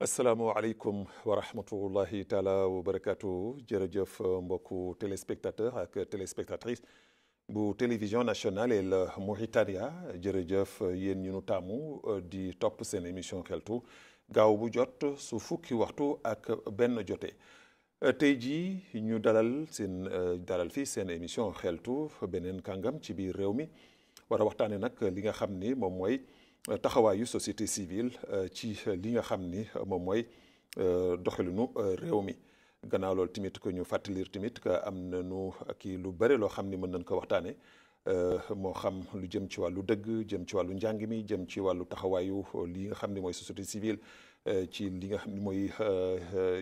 asalaamualeykum wa rahmatullahi taala wa barakatu jërëjëf mbokku téléspectateur ak téléspectatrice bu télévision nationale El Mouritaria jërëjëf yéen ñu nu taamu euh, di topp seen émission xeltu gaaw bu jot su fukki waxtu ak benn jote euh, tey jii ñu dalal seen euh, dalal fii seen émission xeltu beneen kàngam ci biir réew mi war a nag li nga xam ni moom mooy taxawaayu société civile euh, ci li nga xam ni euh, moom mooy euh, doxalinu réew mi gannaaw loolu tamit ko ñu fàttalir tamit que am nañu kii lu bëri loo xam ni mën nañ ko waxtaanee moo xam lu jëm ci wàllu dëgg jëm ci wàllu njàng mi jëm ci wàllu taxawaayu li nga xam ni mooy société civile ci li nga xam ni mooy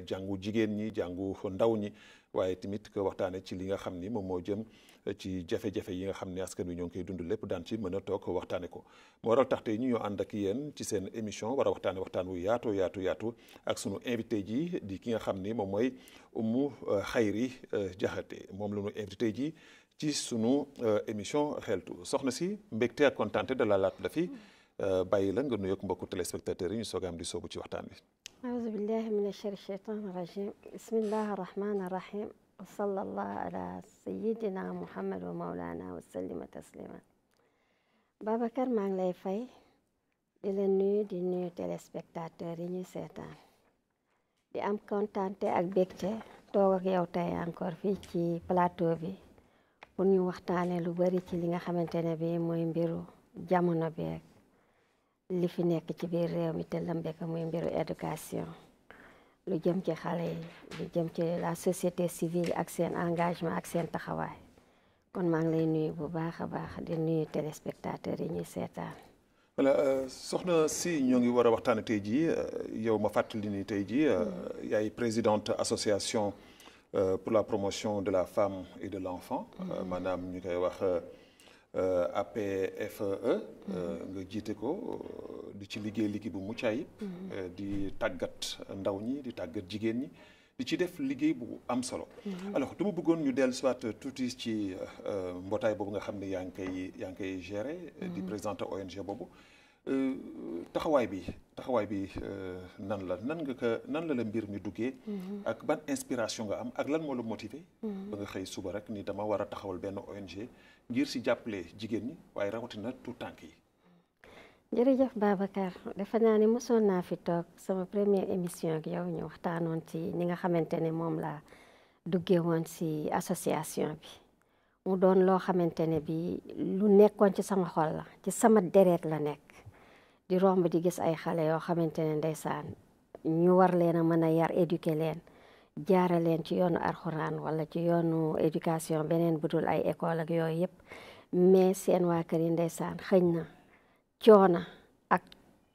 jàngu jigéen ñi jàngu ndaw ñi waaye tamit waxtaanee ci li nga xam ni moom moo jëm. ci jafe-jafe yi nga xam ne askan wi ñoo ngi koy lépp daan ci mën a toog waxtaane ko moo waral tax tey ñu ñoo ànd ak yéen ci seen émission war a waxtaan wu yaatu yaatu ak sunu invité ji di ki nga xam ni moom mooy Oumou euh, Khairy euh, Diakhaté moom la ñu invité ji ci sunu euh, émission xeltu soxna si mbégte ak kontaante de la laatu la fi bàyyi la nga nu nuyoog mbokku téléspectateurs yi ñu soog am di soobu ci waxtaan bi. aouzu billahi mina shaytaani rajim bismillahi rahmaani rahim وصلى الله على سيدنا محمد ومولانا وسلم تسليما Babacar maa ngi lay fay di la nuyu di nuyu téléspectateur yi ñu seetaan di am kontante ak bégte toog ak yow tey encore fii ci plateau bi pour ñu waxtaane lu bari ci li nga xamante ne bi mooy mbiru jamono beeg li fi nekk ci biir réew mi te lëmbe ko muy mbiru éducation lu jëm ci xale yi lu jëm ci la société civile ak seen engagement ak seen taxawaay kon maa ngi lay nuyu bu baax a baax di nuyu téléspectateurs yi ñuy seetaan. voilà euh, soxna si ñoo ngi war a waxtaane tey jii euh, yow ma fàttali ni tey jii euh, mm. yaay présidente association pour la promotion de la femme et de l'enfant mm. maanaam ñu koy wax. Euh, APFE euh, nga jiite ko euh, di ci liggéey liggéey bu mucc ayib mhm. di tàggat ndaw ñi di tàggat jigéen ñi di ci def liggéey bu am solo mhm. alors dama bëggoon ñu dellu soit tuuti ci mbootaay boobu nga xam ne yaa ngi koy yaa di mhm. présidente ONG boobu taxawaay bi taxawaay bi nan la nan nga ko nan la la mbir mi duggee. ak ban inspiration nga am ak lan moo la motiver. ba nga xëy suba rek ni dama war a taxawal benn ONG ngir si jàppale jigéen ñi waaye rawatina tout tànk yi. jërëjëf Babacar defe naa ni mosoon naa fi toog sama première émission ak yow ñu waxtaanoon ci ni nga xamante ne moom laa duggee woon si association bi mu doon loo xamante ne bi lu nekkoon ci sama xol la ci sama deret la nekk di romb di gis ay xale yoo xamante ne ndeysaan ñu war leen a mën a yar éduquer leen. jaara leen ci yoonu arxuraan wala ci yoonu éducation beneen budul ay école ak yooyu yëpp mais seen waa kër yi ndeysaan xëñ na coona ak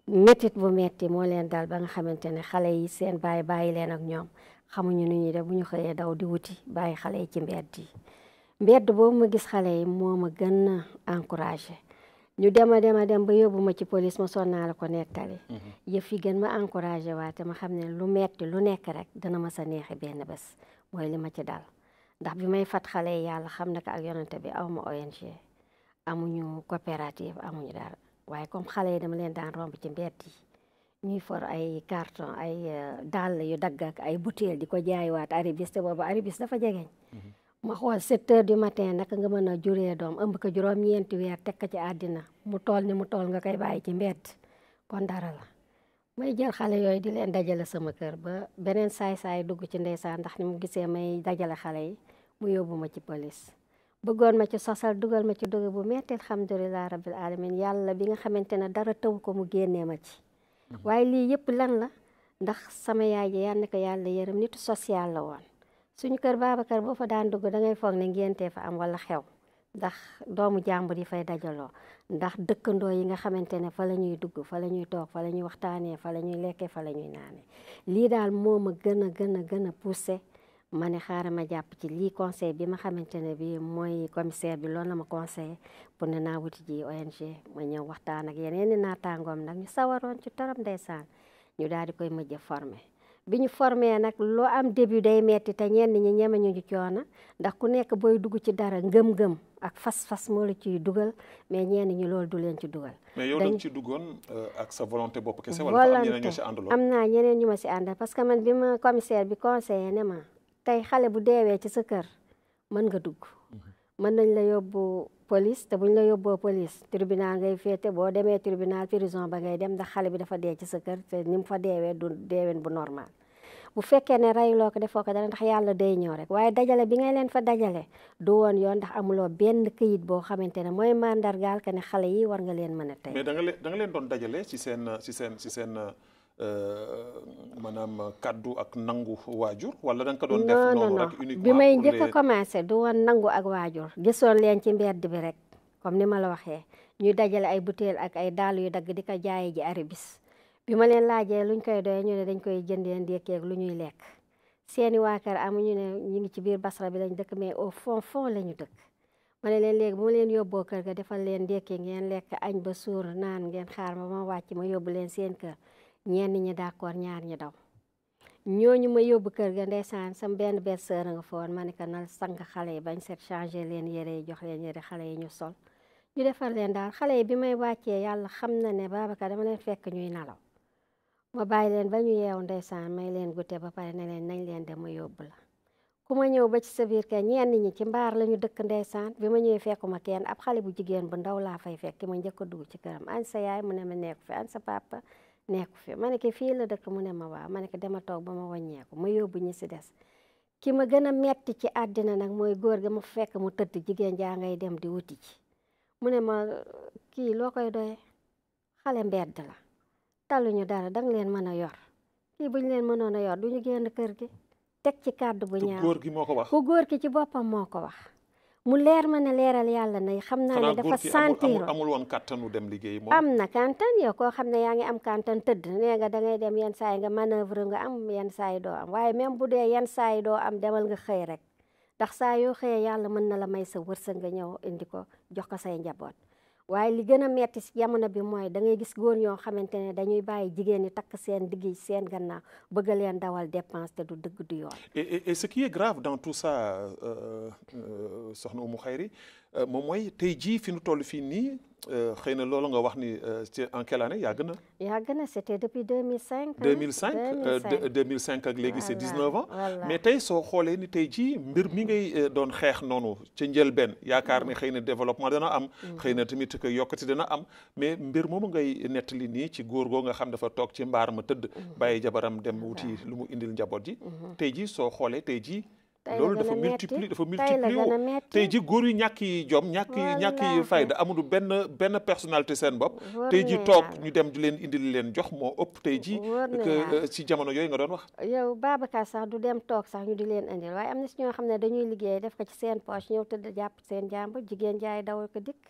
métit bu metti moo leen dal ba nga xamante ne xale yi seen bàyyi bàyyi leen ak ñoom xamuñu nu ñuy def bu ñu xëyee daw di wuti bàyyi xale yi ci mbedd yi mbedd boobu ma gis xale yi moo ma gën a encouragé ñu dema dema dem ba yóbbu ma ci police ma sonn naa la ko nettali mm-hmm. yëf yi gën ma encouragé waate ma xam ne lu metti lu nekk rek dana ma sa neexi benn bés mooy li ma ci dal ndax bi may fat xale yàlla xam ne ko ak yonante bi aw ma ONG amuñu coopérative amuñu dara waaye comme xale yi dama leen daan romb ci mbedd yi ñuy for ay carton ay euh, dàll yu dagg ak ay butéel di ko jaaywaat aribis te boobu aribis dafa jegeñ mm-hmm. ma xool secteur heures du matin naka nga mën a juree doom ëmb ko juróom-ñeenti weer teg ko ci àddina mu tool ni mu tool nga koy bàyyi ci mbedd kon dara la may jël xale yooyu di leen dajale sama kër ba beneen saay-saay dugg ci ndeysaan ndax ni mu gisee may dajale xale yi mu yóbbu ma ci police bëggoon ma ci sosal dugal ma ci dugg bu metti alhamdulilah rabbil alamin yàlla bi nga xamante ne dara tëw ko mu génnee ma ci mhm. waaye lii yëpp lan la ndax sama yaay ji yal na ko yàlla yërëm nitu social la woon suñu kër Babacar boo fa daan dugg da ngay foog ne ngéntee fa am wala xew ndax doomu jàmbur yi fay dajaloo ndax dëkkandoo yi nga xamante ne fa la ñuy dugg fa la ñuy toog fa la ñuy waxtaanee fa la ñuy lekkee fa la ñuy naanee lii daal moo ma gën a gën a gën a poussé ma ne xaaral ma jàpp ci lii conseil bi ma xamante ne bi mooy commissaire bi loolu na ma conseillé pour ne naa wuti ji ONG ma ñëw waxtaan ak yeneen i naataangoom nag ñu sawaroon ci torop ndeysaan ñu daal di koy mujj formé bi ñu formé nag loo am débu day metti te ñenn ñi ñemeñu ñu coono ndax ku nekk booy dugg ci dara ngëm-ngëm ak fas-fas moo ci ciy dugal mais ñenn ñi loolu du leen ci dugal. mais yow dañ ci duggoon euh, ak sa volonté bopp kese. wala am naa ñeneen ñu ma si àndal parce que man bi ma commissaire bi conseillé ne ma tey xale bu deewee ci sa kër mën nga dugg. Mhm. mën nañ la yóbbu police te bu ñu la yóbboo police tribunal ngay féete boo demee tribunal prison ba ngay dem ndax xale bi dafa dee ci sa kër te ni mu fa deewee du deeween bu normal bu fekkee ne rayuloo ko defoo ko dara ndax yàlla day ñëw rek waaye dajale bi nga leen fa dajale du woon yoon ndax amuloo benn këyit boo xamante ne mooy mandargaal que ne xale yi war nga leen mën a tey. nga leen da nga leen doon Euh, maanaam kaddu ak nangu waajur wala bi may njëkk a du wan nangu ak waajur gisoon leen ci mbedd bi rek comme ni ma la waxee ñu dajale ay butéel ak ay dàll yu dagg di ko jaaye ji arabis bi ma leen laajee luñ koy doyee ñu ne dañ koy jëndee ndékkee lu ñuy lekk seeni waa kër ñu ne ñu ngi ci biir Basra bi lañ dëkk mais au fond fond la ñu dëkk ma ne leen léegi bu ma leen yóbboo kër ga defal leen ndékkee ngeen lekk añ ba suur naan ngeen xaar ma ma wàcc ma yóbbu leen seen kër ñenn ñi d'accord ñaar ñi daw ñooñu ma yóbbu kër ga ndeysaan sam benn benn sœur a foon ma ne ko nal sang xale yi bañ set changer leen yére yi jox leen yére xale yi ñu sol ñu defar leen daal xale yi bi may wàccee yàlla xam na ne Babacar dama leen fekk ñuy nalaw ma bàyyi leen ba ñu yeewu ndeysaan may leen gute ba pare ne leen nañ leen ma yóbbu la ku ma ñëw ba ci sa biir kay ñenn ñi ci mbaar la ñu dëkk ndeysaan bi ma ñëwee fekkuma kenn ab xale bu jigéen bu ndaw laa fay fekk ma njëkk a dugg ci këram an sa yaay mu ne an sa papa nekku fi ma ne ko la dëkk mu ne ma waa ma ne ko toog ba ma wàññeeku ma yóbbu ñi si des ki ma gën a metti ci àddina nag mooy góor mu ma fekk mu tëdd jigéen jaa ngay dem di wuti ci mu ne ma kii loo koy doye xale mbedd la taluñu dara dang leen mën a yor kii buñ leen mënoon a yor duñu génn kër gi teg ci kàddu bu ñaaw góor gi ku góor ki ci boppam moo ko wax mu leer ma ne leeral yàlla nay xam naa ne dafa sentir amul woon kàttanu dem liggéey moom am na kàttan yow koo xam ne yaa ngi am kàttan tëdd nee nga da ngay dem yen saa yi nga manœuvre nga am yenn saa yi doo am waaye même bu dee yenn saa doo am demal nga xëy rek ndax saa yoo xëyee yàlla mën na la may sa wërsëg nga ñëw indi ko jox ko say njaboot waaye li gën a metti si jamono bi mooy da ngay gis góor ñoo xamante ne dañuy bàyyi jigéen ñi takk seen digg seen gannaaw bëgga leen dawal dépense te du dëgg du yoon. et et ce qui est grave dans tout ça euh, euh, soxna Oumou Khayri euh, moom mooy tey ji fi nu toll fii nii. Euh, xëy na loolu nga wax ni euh, ci en quelle année yàgg na. yàgg na c'était depuis 2005. 2005 euh, mille cinq ak léegi c'est 19 ans. mais tey soo xoolee ni tey jii mbir mi ngay doon xeex noonu ci njëlbeen yaakaar ni xëy na développement dana am. Mm-hmm. xëy na tamit que yokkati dana am mais mbir moomu ngay nettali nii ci góor goo nga xam dafa toog ci mbaar ma tëdd. Mm-hmm. bàyyi jabaram dem wuti lu mu indil njaboot ji. Mm-hmm. tey jii soo xoolee tey jii. loolu dafa multiplier dafa multiplier tey ji góor yi ñàkk yi jom ñàkk yi ñàkk yi fayda amul benn benn personnalité seen bopp tey ji toog ñu dem di leen indil leen jox moo ëpp tey ji euh, ci jamono yooyu nga doon wax yow ka sax du dem toog sax ñu di leen indil waaye am na si ñoo xam ne dañuy liggéey def ko ci seen poche ñëw tëdd jàpp seen jàmb jigéen jaay daw ko dikk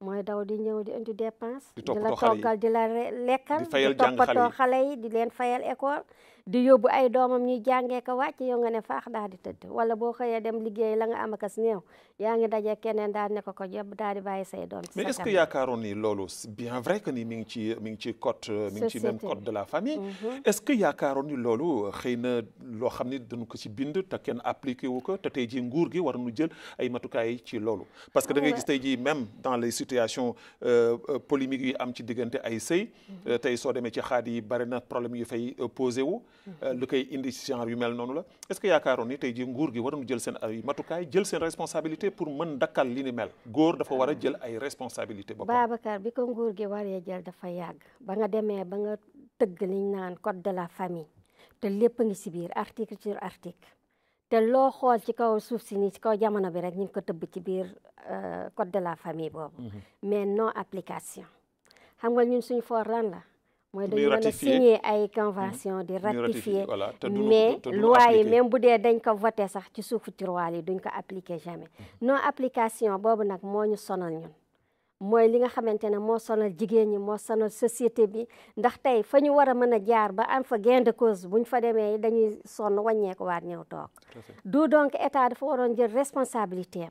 mooy daw di ñëw di indi dépense di la toggal di la lekkal di toppatoo xale yi di leen fayal école di yóbbu ay doomam ñuy jàngee ko wàcc yow nga ne faax daal di tëdd wala boo xëyee dem liggéey la nga am akas yaa ngi daje keneen daal ne ko ko yëpp daal di bàyyi say doom. mais ni loolu bien vrai que ni mi ngi ci mi ngi ci code euh, mi ngi ci même code de la famille. Mm-hmm. est-ce que yaakaaroon ni loolu euh, xëy na loo xam ni dañu ko ci bind te kenn appliqué wu ko te tey jii nguur gi war nu jël ay matukaay ci loolu. parce que da ngay gis tey jii même dans les situations euh, polémiques yi am ci diggante ay sëy. Mm-hmm. tey soo demee ci xaat yi bari na problème yu fay posé wu. Euh, lu koy indi ci genre yu mel noonu la est que yaakaaroon ni tey ji nguur gi waroon jël seen ay matukaay jël seen responsabilité pour mën dakkal li ni mel góor dafa war a jël ay responsabilité boppam Babacar bi ko nguur gi waree jël dafa yàgg ba nga demee ba nga tëgg liñ naan code de la famille te lépp ngi ci biir article sur article te loo xool ci kaw suuf si nii ci kaw jamono bi rek ñu ngi ko tëbb ci biir euh, code de la famille boobu mhm. mais non application xam nga ñun suñu la mooy dañu mën a ay hmm. convention di ratifier mais loi yi même bu dee dañ ko vote sax ci suufu tiroir yi duñ ko appliquer jamais hmm. non application boobu nag moo ñu sonal ñun mooy li nga xamante ne moo sonal jigéen ñi moo sonal société bi ndax tey fa ñu war a mën a jaar ba am fa gain de cause bu ñu fa demee dañuy sonn wàññeeku waat ñëw toog du donc état dafa waroon jël responsabilité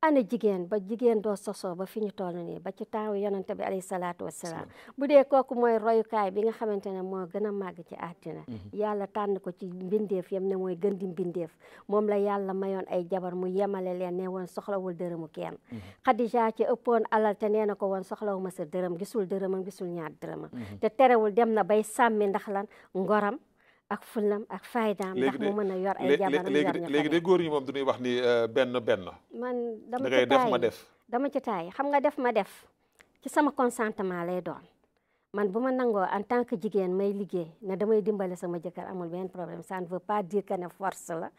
ana jigéen ba jigéen doo soso ba fi ñu toll nii ba ci taawu yonante bi alayhi salaatu wassalaam bu dee kooku mooy royukaay bi nga xamante ne moo gën a màgg ci atina mm-hmm. yàlla tànn ko ci mbindeef yam ne mooy gën di mbindeef moom la yàlla mayoon ay jabar mu yemale leen ne woon soxlawul dërëmu kenn mm-hmm. Xadija ci ëppoon alal te nee na ko woon soxlawu ma sa dërëm gisul dërëmam gisul ñaar dërëmam mm-hmm. te terewul dem na bay sàmmi ndax lan ngoram ak fulam ak faydaam ndax mu mën a yor ay jabaram yor ña léegi de góor ñi moom duñuy wax ni euh, benn benn man dama ci def ma def dama ci taay xam nga def ma def ci sama consentement lay doon man bu ma nangoo en tant que jigéen may liggéey ne damay dimbale sama jëkkër amul benn problème san ne veut pas dire force la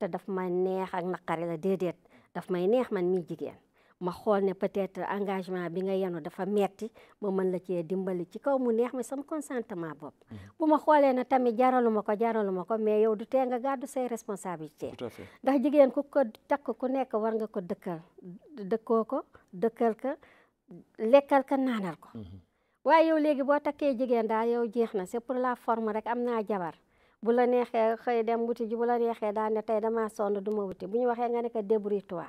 te daf ma neex ak naqari la déedéet daf may neex man mii jigéen ma xool ne peut-être engagement bi nga yenu dafa metti ma mën la cee dimbali ci kaw mu neex mi sama consentement bopp mhm. bu ma xoolee ne tamit jaralu ma ko jaralu ma ko mais yow du tee nga gàddu say responsabilité ndax jigéen ku ko takk ku nekk war nga ko dëkkal dëkkoo ko dëkkal ka lekkal ka naanal ko mhm. waaye yow léegi boo takkee jigéen daal yow jeex na c'est pour la forme rek am naa jabar bu la neexee xëy dem wuti ji bu la neexee daal ne tey damaa sonn du ma wuti bu ñu waxee nga ne ko débrouille-toi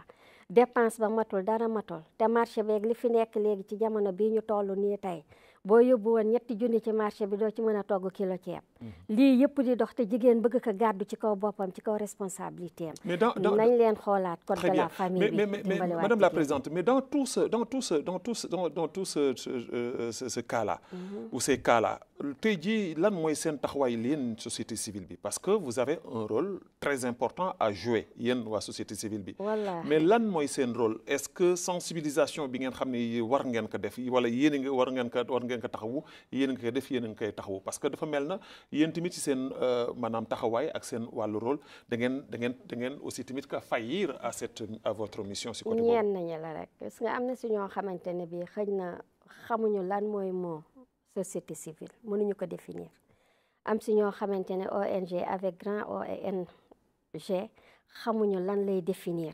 dépense ba matul dara matul te marché beeg li fi nekk léegi ci jamono bii ñu toll nii tey boo yóbbu woon ñetti junni ci marché bi doo ci mën a togg kilo ceeb Mm-hmm. lii yëpp di dox te jigéen bëgg ko gàddu ci kaw boppam ci kaw responsabilité am nañ leen xoolaat code de la famille bi madame la présidente mais dans tout ce dans tout ce dans tout ce euh, mm-hmm. jii lan mooy seen taxawaay yéen société civile bi parce que vous avez un rôle très important à jouer yéen waa société civile bi mais lan mooy seen role est-ce que sensibilisation bi ngeen xam ne war ngeen ko def wala yéen war ngeen ko war ngeen ko taxawu yéen def yéen a ngi koy taxawu parce que dafa mel na yéen tamit ci seen euh, maanaam taxawaay ak seen wàllu rôle da ngeen da da ngeen aussi tamit ka faillir à cette à votre mission. si côté boobu ñeen nañu la rek parce que am na si ñoo xamante ne bii xëy na xamuñu lan mooy moo société civile mënuñu ko définir am si ñoo xamante ne ONG avec grand ONG xamuñu lan lay définir.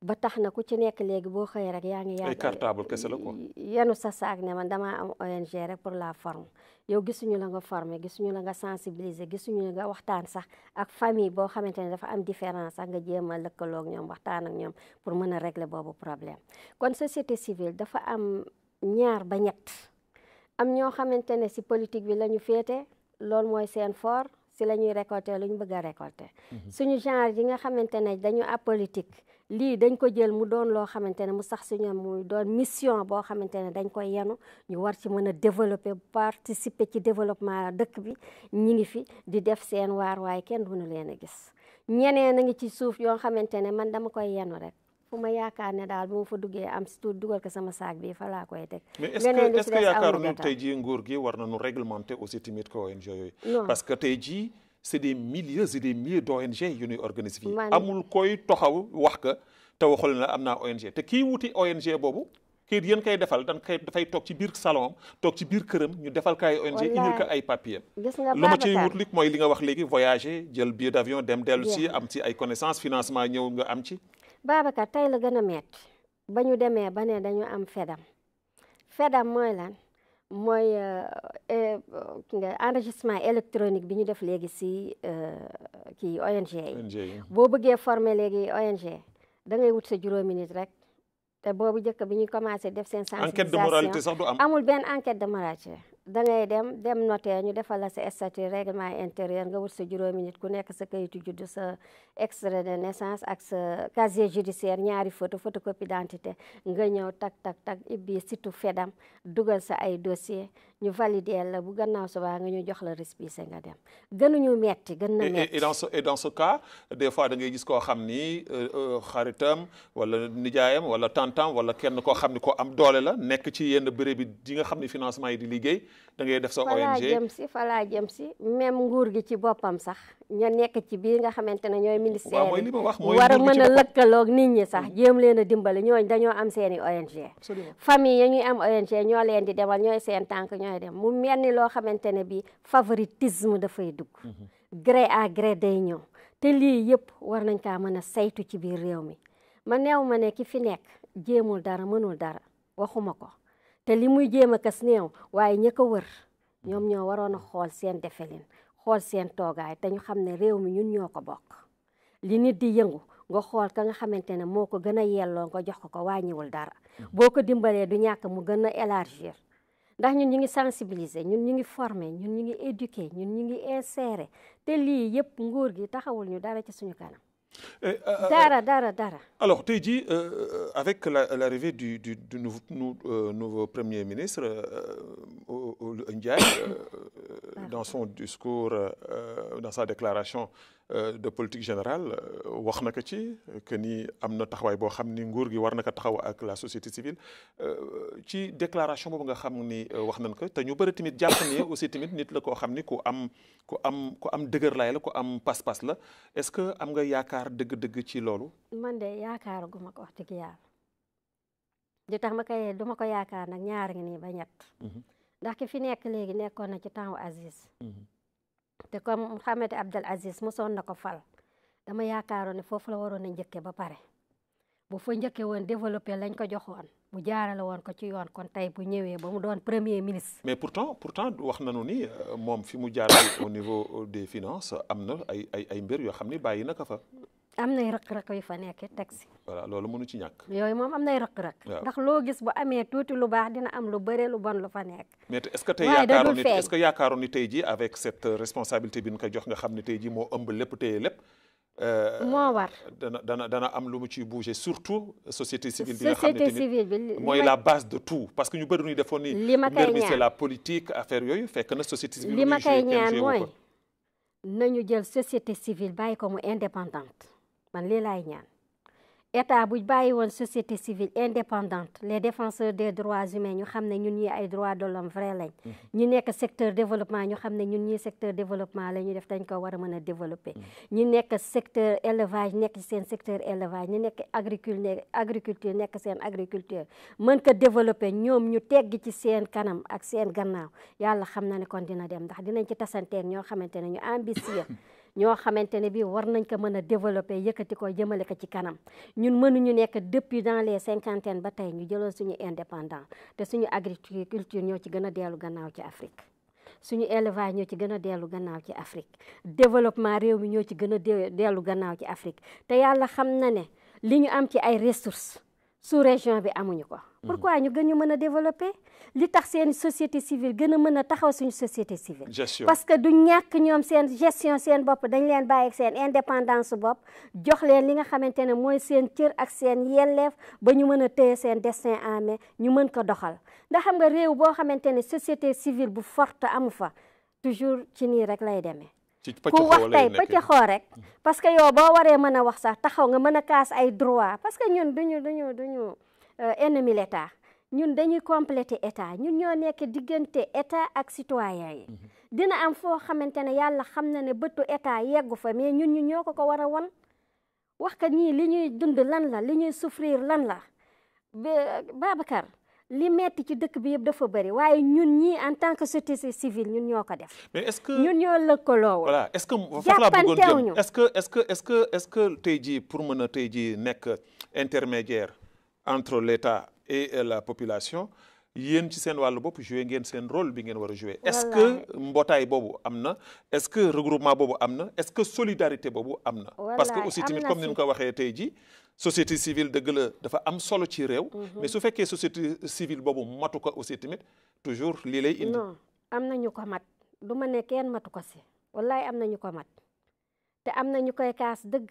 ba tax na ku ci nekk léegi boo xëyee rek yaa ngi yaa ay cartable kese la yenu sa ne man damaa am ONG rek pour la forme yow gisuñu la nga former gisuñu la nga sensibiliser gisuñu la nga waxtaan sax ak famille boo xamante ne dafa am différence sax nga jéem a lëkkaloo ak ñoom waxtaan ak ñoom pour mën a régler boobu problème kon société civile dafa am ñaar ba ñett am ñoo xamante ne si politique bi la ñu féete loolu mooy seen fort si la ñuy récolter lu ñu bëgg a récolter mhm. suñu genre yi nga xamante ne dañu apolitique lii dañ ko jël mu doon loo xamante ne mu sax si ñoom muy doon mission boo xamante ne dañ koy yenu ñu war ci mën a développer participer ci développement dëkk bi ñi ngi fi di def seen waar waay kenn duñu leen a gis ñeneen a ngi ci suuf yoo xamante ne man dama koy yenu rek fu ma yaakaar ne daal bu ma fa duggee am si tuuti dugal ko sama saak bi fa laa koy teg. mais est-ce que est-ce que yaakaaru ñu tey jii nguur gi war nañu réglementer aussi tamit ko ONG c'est des milliers et des milliers d'ONG yu ñuy organiser fii amul koy toxaw wax ka te waxul na am na ONG te kii wuti ONG boobu kii yéen koy defal dan dafay toog ci biir salon toog ci biir këram ñu defal kaay ONG indil ko ay papier lu ma ciy wut lik mooy li nga wax léegi voyager jël billet d'avion dem dellu si am si ay connaissance financement ñëw nga am ci Babacar tey la gën a metti ba ñu demee ba ne dañu am fedam fedam mooy lan mooy euh, euh, nga enregistrement électronique bi ñu def léegi si euh, kii ONG yi mhm. boo bëggee former léegi ONG da ngay wut sa juróomi nit rek te boobu njëkk bi ñu commencé def seen sensibilisation enquête de moralité amul benn enquête de moralité da ngay dem dem notaire ñu defal la sa statut règlement intérieur nga wut sa juróomi nit ku nekk sa kayitu juddu sa extrait de naissance ak sa casier judiciaire ñaari photo photocopie d'identité nga ñëw tak tak tak ibbi surtout fedam dugal sa ay dossier ñu valider la bu gannaaw subaa nga ñu jox la récépissé nga dem gënuñu metti gën na metti et dans et dans cas des fois da ngay gis koo xam ni euh, euh, xaritam wala nijaayam wala tantam wala kenn koo xam ni ko am doole la nekk ci yenn béréb yi nga xam ni financement yi di liggéey da ngay def sa ONG si falaa jëm si même nguur gi ci boppam sax ña nekk ci biir nga xamante ne ñooy ministère mooy li a mën a lëkkaloog nit ñi sax mm. jéem leen a dimbali ñooñ dañoo am seeni i ONG famille ya ñuy am ONG ñoo leen di demal ñooy seen tànk ñooy dem mu mel ni loo xamante ne bi favoritisme dafay dugg mm-hmm. gré à gré day ñëw te lii yëpp war nañ kaa mën a saytu ci biir réew mi ma neew ma ne ki fi nekk jéemul dara mënul dara waxuma ko te li muy jéem a kas néew waaye ña ko wër ñoom ñoo waroon a xool seen defelin xool seen toogaay te ñu xam ne réew mi ñun ñoo ko bokk li nit di yëngu nga xool ka nga xamante ne moo ko gën a yelloo nga jox ko ko wàññiwul dara mm-hmm. boo ko dimbalee du ñàkk mu gën a élargir ndax ñun ñu ngi sensibiliser ñun ñu ngi former ñun ñu ngi éduquer ñun ñu ngi insérer te lii yëpp nguur gi taxawul ñu dara ci suñu kanam Et, euh, euh, dara dara dara. alors tey jii euh, euh avec la l'arrivée du du du nouveau, euh, nouveau premier ministre Ndiaye dans son discours euh, euh, dans sa déclaration euh, de politique générale wax na ko ci que ni am na taxawaay boo xam ni nguur gi war na ko taxaw ak la société civile ci déclaration boobu nga xam ni wax nañ ko te ñu bëri tamit jàpp ni aussi tamit nit la koo xam ni ku am ku am ku am dëgër laay la ko am pas-pas la est-ce que am nga yaakaar dëgg-dëgg ci loolu. man de yaakaar gu ma ko wax dëgg yàlla. tax ma kay du ko yaakaar nag ñaar nii ba ñett. Mhm. ndax ki fi nekk léegi nekkoon na ci temps Aziz. Mhm. te comme Mouhamed Abdel Aziz mosoon na ko fal dama yaakaaroon ne foofu la waroon na njëkke ba pare bu fa njëkke woon développé lañ ko joxoon bu jaarale woon ko ci yoon kon tey bu ñëwee ba mu doon premier ministre. mais pourtant pourtant wax nañu ni euh, moom fi mu jaarale au niveau des finances am na ay ay ay mbir yoo xam ni bàyyi na ko fa. am nay rëq-rëq fa nekk teg si voilà loolu mënu ci ñàkk yooyu moom am nay rëq-rëq ndax loo gis bu amee tuuti lu baax dina am lu bëre lu bon lu fa nekk mais est-ce que tey yaakaaroon ni tey ji avec cette responsabilité bi ñu ko jox nga xam ne tey moo ëmb lépp téye lépp euh, moo war dana dana dana am lu mu ci bouger surtout société civile bi nga xam ne tamit mooy la base de parce que ñu bëri ñuy defoon ni li ma ñaan la politique affaire yooyu fekk na société civile li ma koy ñaan mooy nañu jël société civile bàyyi ko mu indépendante man lii laay ñaan état bu bàyyi woon société civile indépendante les défenseur des droits humains ñu xam ne ñun ñi ay droits de l'homme vrai lañ mm-hmm. ñu nekk secteur développement ñu xam ne ñun ñi secteur développement la ñu def dañ ko war a mën a développer mm-hmm. ñu nekk secteur élevage nekk ci seen secteur élevage ñu nekk agricule agriculture nekk seen agriculture mën ko développer ñoom ñu tegg ci seen kanam ak seen gannaaw yàlla xam na ne kon dina dem ndax dinañ ci tasanteen ñoo xamante ne ñu ambitieux ñoo xamante ne bii war nañ ko mën a développer yëkkati ko jëmale ko ci kanam ñun mënuñu nekk depuis dans les cinquantaines ba tey ñu jëloon suñu indépendance te suñu agriculture ñoo ci gën a dellu gannaaw ci Afrique suñu élevage ñoo ci gën a dellu gannaaw ci Afrique développement réew mi ñoo ci gën a dellu gannaaw ci Afrique te yàlla xam na ne li ñu am ci ay ressources su région bi amuñu ko pourquoi ñu gën ñu mën a développer li tax seen société civile gën a mën a taxaw suñu société civile parce que du ñàkk ñoom seen gestion seen bopp dañ leen bàyyi ak seen indépendance bopp jox leen li nga xamante ne mooy seen cër ak seen yelleef ba ñu mën a téye seen destin en main ñu mën ko doxal ndax xam nga réew boo xamante ne société civile bu forte amu fa toujours ci nii rek lay deme ku wax tey pëccaxoo rek parce que yow boo waree mën a wax sax taxaw nga mën a kaas ay droit parce que ñun duñu duñu duñu Euh, ennemi l'État ñun dañuy compléter état ñun ñoo nekk diggante état ak citoyen yi mhm. dina am foo xamante ne yàlla xam na ne bëttu état yeggu fa mais ñun ñu ñoo ko ko war a won wax ka ñii li ñuy dund lan la li ñuy souffrir lan la Babacar li metti ci dëkk bi yëpp dafa bari waaye ñun ñii en tant que société civile ñun ñoo ko def. mais est-ce que ñun ñoo lëkkaloo. voilà est-ce que foofu laa bëggoon jëm est-ce que est-ce que est-ce que est-ce que tey jii pour mën a entre l'État et la population yéen ci seen wàllu bopp joue ngeen seen rôle bi ngeen war a joué. est-ce que mbootaay boobu am na est-ce que regroupement boobu am na est-ce que solidarité boobu am na. parce que aussi tamit comme ko waxee tey jii. société civile dëgg la am solo ci réew. Mhm. mais su fekkee société civile boobu matu ko aussi tamit toujours lii lay indi. am na ñu ko mat du ma ne kenn matu ko si wallaay am na ñu ko mat te am na ñu koy kaas dëgg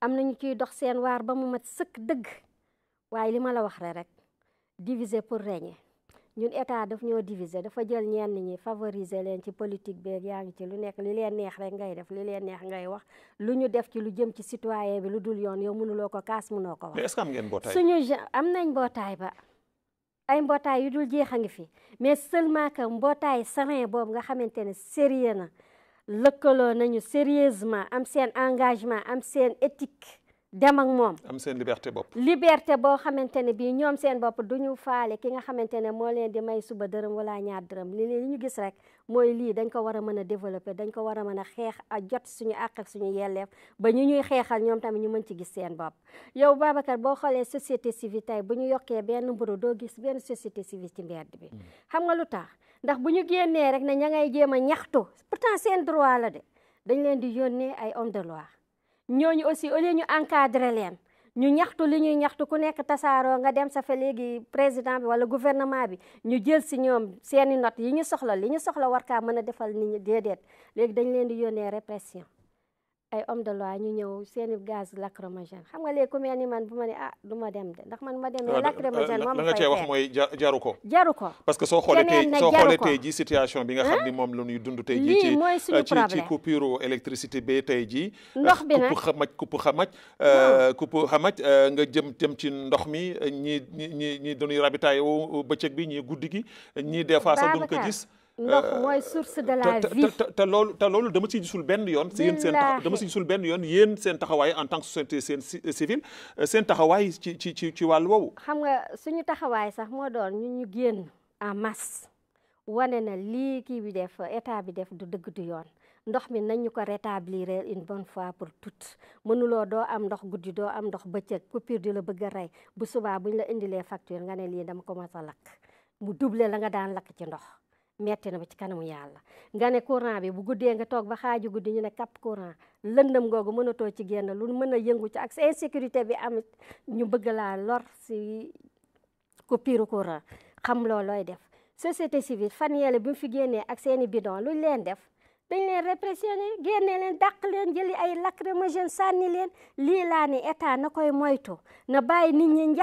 am na ñu ciy dox seen waar ba mu mat sëkk dëgg. waaye li ma la wax rek diviser pour régner ñun état daf ñoo diviser dafa jël ñenn ñi favoriser leen ci politique beeg yaa ngi ci lu nekk li leen neex rek ngay def li leen neex ngay wax lu ñu def ci lu jëm ci citoyen bi lu dul yoon yow mënuloo ko kaas mënoo ko wax. mais est am ngeen mbootaay suñu am nañ mbootaay ba. ay mbootaay yu dul jeex a ngi fi mais seulement que mbootaay serein boobu nga xamante ne sérieux na lëkkaloo nañu sérieusement am seen engagement am seen éthique dem ak moom. am liberté boo xamante ne bii ñoom seen bopp du ñu faale ki nga xamante ne moo leen di may suba dërëm wala ñaar dërëm li li ñu gis rek mooy lii dañ ko war a mën a développer dañ ko war a mën a xeex a jot suñu àq ak suñu yelleef ba ñu ñuy xeexal ñoom tamit ñu mën ci gis seen bopp. yow Babacar boo xoolee société civile tey bu ñu yokkee benn mburu doo gis benn société civile ci mbedd bi. Hmm. xam nga lu tax ndax bu ñu génnee rek ne ña ngay jéem a ñaxtu pourtant seen la de dañ leen di yónnee ay homme ñooñu aussi au lieu ñu encadrer leen ñu ñaxtu li ñuy ñaxtu ku nekk tasaaroo nga dem sa fa léegi président bi wala gouvernement bi ñu jël si ñoom seeni notes yi ñu soxla li ñu soxla war kaa mën a defal nit ñi déedéet léegi dañ leen di yónnee répression ay homme de loi ñu ñëw seeni gaz lacrymogène xam nga léegi ku mel ni man bu ma ne ah du ma dem de ndax man ma dem. Ah, lacrymogène moom la nga cee wax mooy jaru ko. jaru ko parce que soo xoolee tey soo xoolee ji situation bi nga xam ni moom la ñuy dund tey ji euh, ci ci coupure électricité bi tey ji ndox bi euh, nag kupp euh, xamaj kupp xamaj kupp xamaj nga jëm jëm ci ndox mi ñi ñi ñi dañuy rabitaay bëccëg bi ñi guddi gi ñii des fois sax duñ ndox euh, mooy source de la vie te loolu te loolu dama siy gisul benn yoon yéen seen dama siy gisul benn yoon yéen seen taxawaay en tant que société seen euh, civile euh, seen taxawaay ci ci ci ci wàllu woowu xam nga suñu taxawaay sax moo doon ñu ñu génn en masse wane na lii kii bi def état bi def du dëgg du yoon ndox mi nañ ñu ko rétablir une bonne fois pour tout mënuloo doo am ndox guddi doo am ndox bëccëg coupure di la bëgg a rey bu subaa bu ñu la indilee facture nga ne lii dama ko mos a lakk mu double la nga daan lakk ci ndox metti na ba ci kanamu yàlla nga ne courant bi bu guddee nga toog ba xaaju guddi ñu ne cap courant lëndëm googu mënatoo ci génn lu mën a yëngu ci ak insécurité bi am ñu bëgg laa lor si coupure courant xam loo looy def société civile fan yële bi mu fi génnee ak seeni i bidon luñ leen def dañ leen répressionné génne leen dàq leen jëli ay lacrymogène sànni leen lii laa ne état na koy moytu na bàyyi nit ñi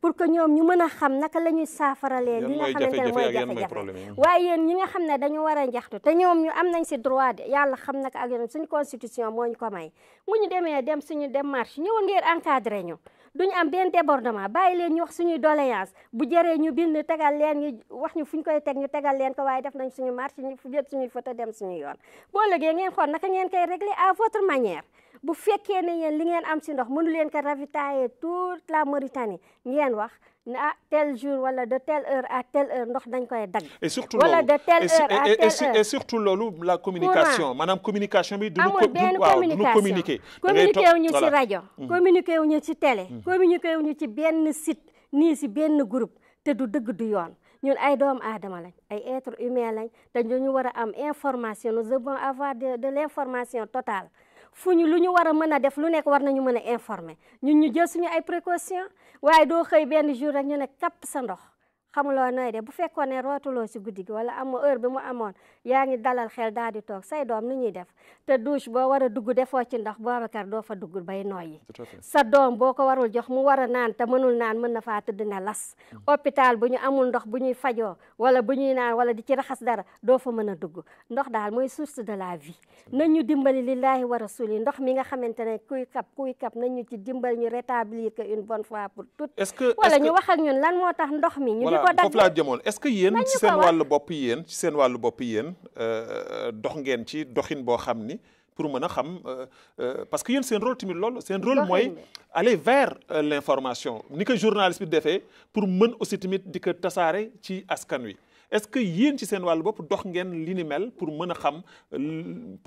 pour que ñoom ñu mën a xam naka la ñuy saafaralee li nga xamante waaye yéen ñi nga xam ne dañu war a njaxtu te ñoom ñu am nañ si droit de yàlla xam naka ak yéen suñu constitution moo ñu ko mu ñu demee dem suñu démarche ñëwoon ngeen encadré ñu duñu am benn bàyyi leen ñu wax suñuy doléance bu jëree ñu bind tegal leen ñu wax ñu fu ñu koy teg ñu tegal leen ko waaye def nañ suñu marche ñu fu jël suñuy photo dem suñu yoon boo legee ngeen xool naka ngeen koy régler à votre manière bu fekkee ne yéen li ngeen am si ndox mënu leen ko ravitailler toute la Mauritanie ngeen wax ne ah tel jour wala de tel heure a telle heure ndox dañ koy dag et surtout wala de telle loolu la communication. maanaam communication bi du amul benn communication communiqué. communiqué wu ñu si rajo. Mhm. communiqué wu ñu si télé. Mhm. communiqué wu ñu ci benn site nii si benn groupe te du dëgg du yoon. ñun ay doom aadama lañ ay être humain lañ te ñu war a am information nous devons avoir de de l' information totale. fu ñu lu ñu war a mën a def lu nekk war nañu mën a informer ñun ñu jël suñu ay précaution waaye doo xëy benn jour rek ñu ne kàpp sa ndox xamuloo nooy de bu fekkoon ne rootuloo si guddi gi wala amoo heure bi mu amoon yaa ngi dalal xel daal di toog say doom nu ñuy def te douche boo war a dugg defoo ci ndox Boubacar doo fa duggu bay nooyi sa doom boo ko warul jox mu war a naan te mënul naan mën na faa tëdd ne las mm. hôpital bu ñu amul ndox bu ñuy fajoo wala bu ñuy naan wala di ci raxas dara doo fa mën a dugg ndox daal mooy source de la na nañu dimbali lillahi wa rasuli ndox mi nga xamante ne kuy kap kuy kap nañu ci dimbali ñu rétablir que une bonne fois foofu laa jëmoon est-ce que yéen ci seen wàllu bopp yéen ci seen wàllu bopp yéen euh, dox ngeen ci doxin boo xam ni pour mën a xam euh, euh, parce que yéen seen rôle tamit loolu seen rôle mooy aller vers l'information ni ko journaliste bi defee pour mën aussi tamit di ko tasaare ci askan wi est-ce que yéen ci seen wàllu bopp dox ngeen li ni mel pour mën a xam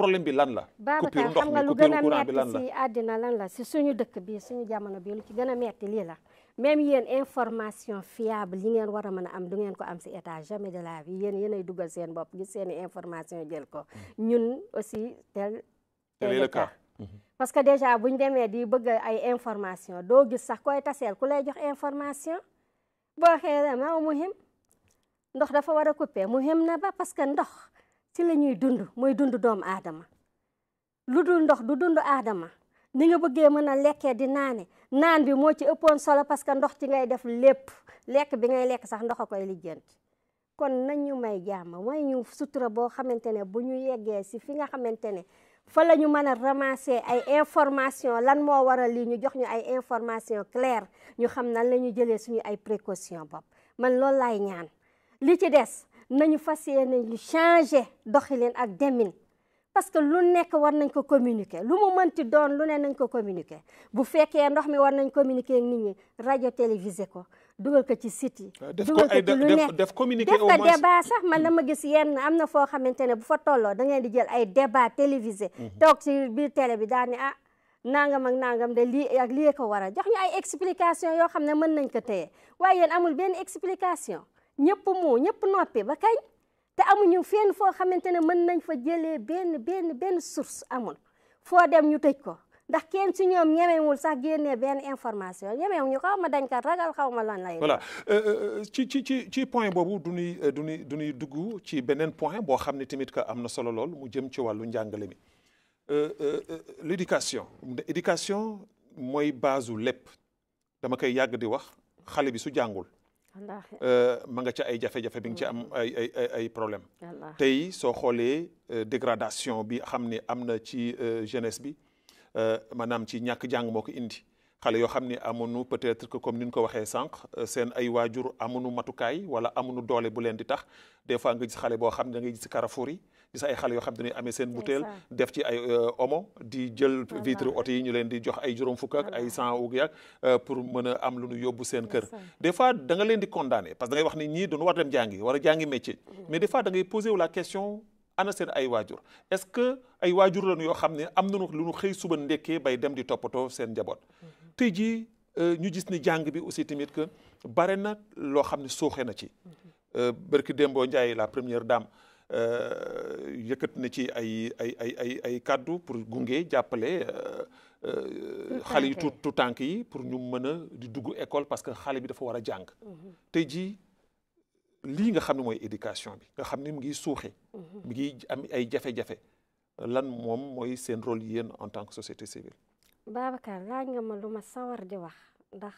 problème bi lan la coupure ndox mi coupure courant bi lan la Babacar xam nga lu gën a metti bi suñu jamono ci gën a lii la même yéen information fiable yi ngeen war a mën a am du ngeen ko am si état jamais de la vie yéen yéenay dugal seen bopp gi seeni information jël ko mm-hmm. ñun aussi tel tel est le cas mm-hmm. que déjà bu ñu demee di bëgg ay information doogi gis sax koy taseel ku lay jox information boo xëyee ma muhim ndox dafa war a couper muhim na ba parce que ndox ci la ñuy dund muy dund doomu aadama lu dul ndox du dund aadama ni nga bëggee mën a lekkee di naane naan bi moo ci ëppoon solo parce que ndox ci ngay def lépp lekk bi ngay lekk sax ndox a koy lijjanti kon nañ ñu may jàmm way ñu sutura boo xamante ne bu ñu yeggee si fi nga xamante ne fa la ñu mën a ramasser ay information lan moo waral lii ñu jox ñu ay information claire ñu xam nan la ñu jëlee suñu ay précaution bopp man loolu lay ñaan li ci des nañu fas yéene ñu changer doxalin ak demin parce que lu nekk war nañ ko communiquer lu mu mënti doon lu ne nañ ko communiquer bu fekkee ndox mi war nañ communiquer ak nit ñi rajo télévisé ko dugal ko ci site yi. Ah, dugal ko ci lu nekk def communiquer au moins débat sax man ma gis yenn am na foo xamante ne bu fa tolloo da ngeen di jël ay débat télévisé. Mhm. toog ci biir télé bi daal ni ah. nangam ak nangam de lii ak lii ko war a jox ay explication yoo xam ne mën nañ ko téye waaye yéen amul benn explication ñëpp mu ñëpp noppi ba kañ. te amuñu fenn foo xamante ne mën nañ fa jëlee benn benn benn source amul foo dem ñu tëj ko ndax kenn ci ñoom ñemewul sax génnee benn information ñemewuñu xaw ma dañ ko ragal xaw ma lan lay. voilà euh, euh, euh, ci ci ci ci point boobu du ñuy du ñuy du ñuy dugg ci beneen point boo xam ne tamit que am na solo lool mu jëm ci wàllu njàngale mi l' éducation éducation mooy baasu lépp dama koy yàgg di wax xale bi su jàngul. Euh, ma nga ca ay jafe-jafe bi nga ci am mm-hmm. ay ay ay ay problème tey soo xoolee euh, dégradation bi xam ni am na ci euh, jeunesse bi maanaam ci ñàkk jàng moo ko indi xale yoo xam ne amuñu peut-être que comme ni ñu ko waxee sànq seen ay waajur amuñu matukaay wala amuñu doole bu leen di tax des fois nga xale boo xam ne da ngay gis carrefour yi gis ay xale yoo xam ne amee seen butéel def ci ay euh, omo di jël vitre oto yi ñu leen di jox ay juróom fukk ak ay cent ug yàgg euh, pour mën a am lu ñu yóbbu seen kër des fois da nga leen di condamné parce que da wax ni ñii doon war dem jàngi war a jàngi métier mhm. mais des fois da ngay posé wu la question ana seen ay waajur est-ce que ay waajur lañu yoo xam ne am nañu lu ñu xëy suba ndekkee bay dem di toppatoo seen njaboot mhm. tey jii euh, ñu gis ni jàng bi aussi tamit que bare na loo xam ne suuxee na ci mhm. barki Dembo Ndiaye la première dame Euh, yëkkat na ci ay ay ay ay ay kàddu pour gunge jàppale. Euh, euh, xale yu tuut tuut tànk yi pour ñu mën a di dugg école parce que xale bi dafa war a jàng. Mm-hmm. tey jii lii nga xam ne mooy éducation bi nga xam ne mu ngi suuxe. mu mm-hmm. ngi am ay jafe-jafe. lan moom mooy seen rôle yéen en tant que société civile. Babacar laaj nga ma lu ma sawar di wax ndax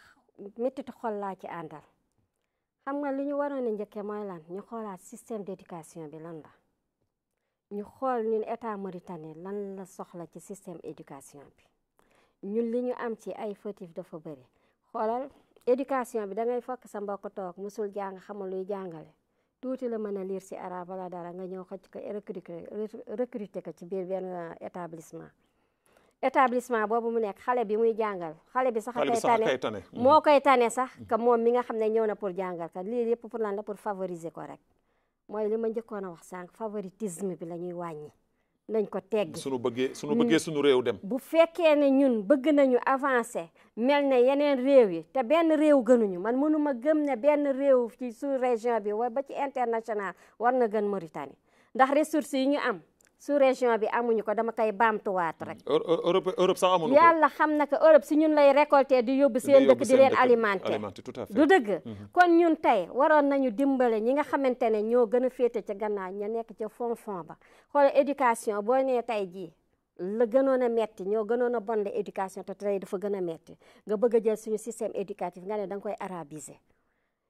métti xol laa ci àndal. xam nga li ñu waroon njëkkee mooy lan ñu xoolaat système d'éducation bi lan la ñu xool ñun état Mauritanie lan la soxla ci système éducation bi ñun li ñu am ci ay fautif dafa bëri xoolal éducation bi da ngay fokk sa mbokk toog musul jàng xamal luy jàngale tuuti la mën a liir si arab wala dara nga ñëw xëcc ko recruter recruter ko ci biir benn établissement établissement boobu mu nekk xale bi muy jàngal xale bi sax kay tane mm-hmm. moo koy tane sax mm-hmm. que moom mi nga xam ne ñëw na pour jàngal ka lii yëpp pour la pour favoriser ko rek mooy li ma njëkkoon a wax sànq favoritisme bi la ñuy wàññi nañ ko teggi sunu bëggee sunu bëggee mm. sunu réew dem bu fekkee ne ñun bëgg nañu avancer mel ne yeneen réew yi te benn réew gënuñu man mënuma gëm ne benn réew ci su région bi wa ba ci international war na gën Mauritanie ndax ressources yi ñu am su région bi amuñu ko dama koy baamtuwaat rek. Europe Europe sax xam na que Europe si ñun lay récolter di yóbbu seen dëkk di leen alimenter du dëgg. Mhm. kon ñun tey waroon na nañu dimbale ñi nga xamante ne ñoo gën a féete ca gannaaw ña nekk ca fond fond ba xool éducation boo nee tey jii. la gënoon a metti ñoo gënoon a bon la éducation te tey dafa gën a metti nga bëgg a jël suñu système éducatif nga ne da nga koy arabisé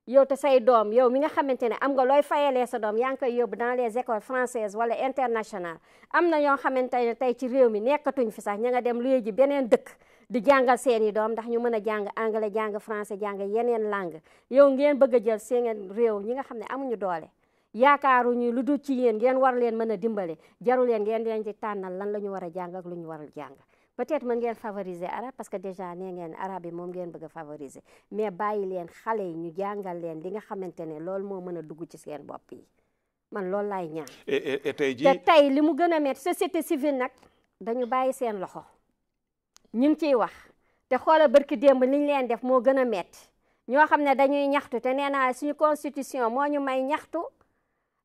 yow te say doom yow mi nga xamante ne am nga looy fayalee sa doom yaa ngi koy yóbbu les écoles françaises wala international am na ñoo xamante ne tey ci réew mi nekkatuñ fi sax ña nga dem lu ji beneen dëkk di jàngal seeni doom ndax ñu mën a jàng anglais jàng français jàng yeneen langue yow ngeen bëgg a jël seen réew ñi nga xam ne amuñu doole yaakaaruñu lu dul ci yéen ngeen war leen mën a dimbale jaru leen ngeen leen di tànnal lan la ñu war a jàng lu ñu war jàng peut-être mën ngeen favoriser arabe parce que déjà nee ngeen arabe yi moom ngeen bëgg a favoriser mais bàyyi leen xale yi ñu jàngal leen li nga xamante ne loolu moo mën a dugg ci seen bopp yi man loolu laay ñaan. et tey te tey li mu gën a métti société civile nag dañu bàyyi seen loxo ñu ngi ciy wax te xoolal barki démb li leen def moo gën a métti ñoo xam ne dañuy ñaxtu te nee naa suñu constitution moo ñu may ñaxtu.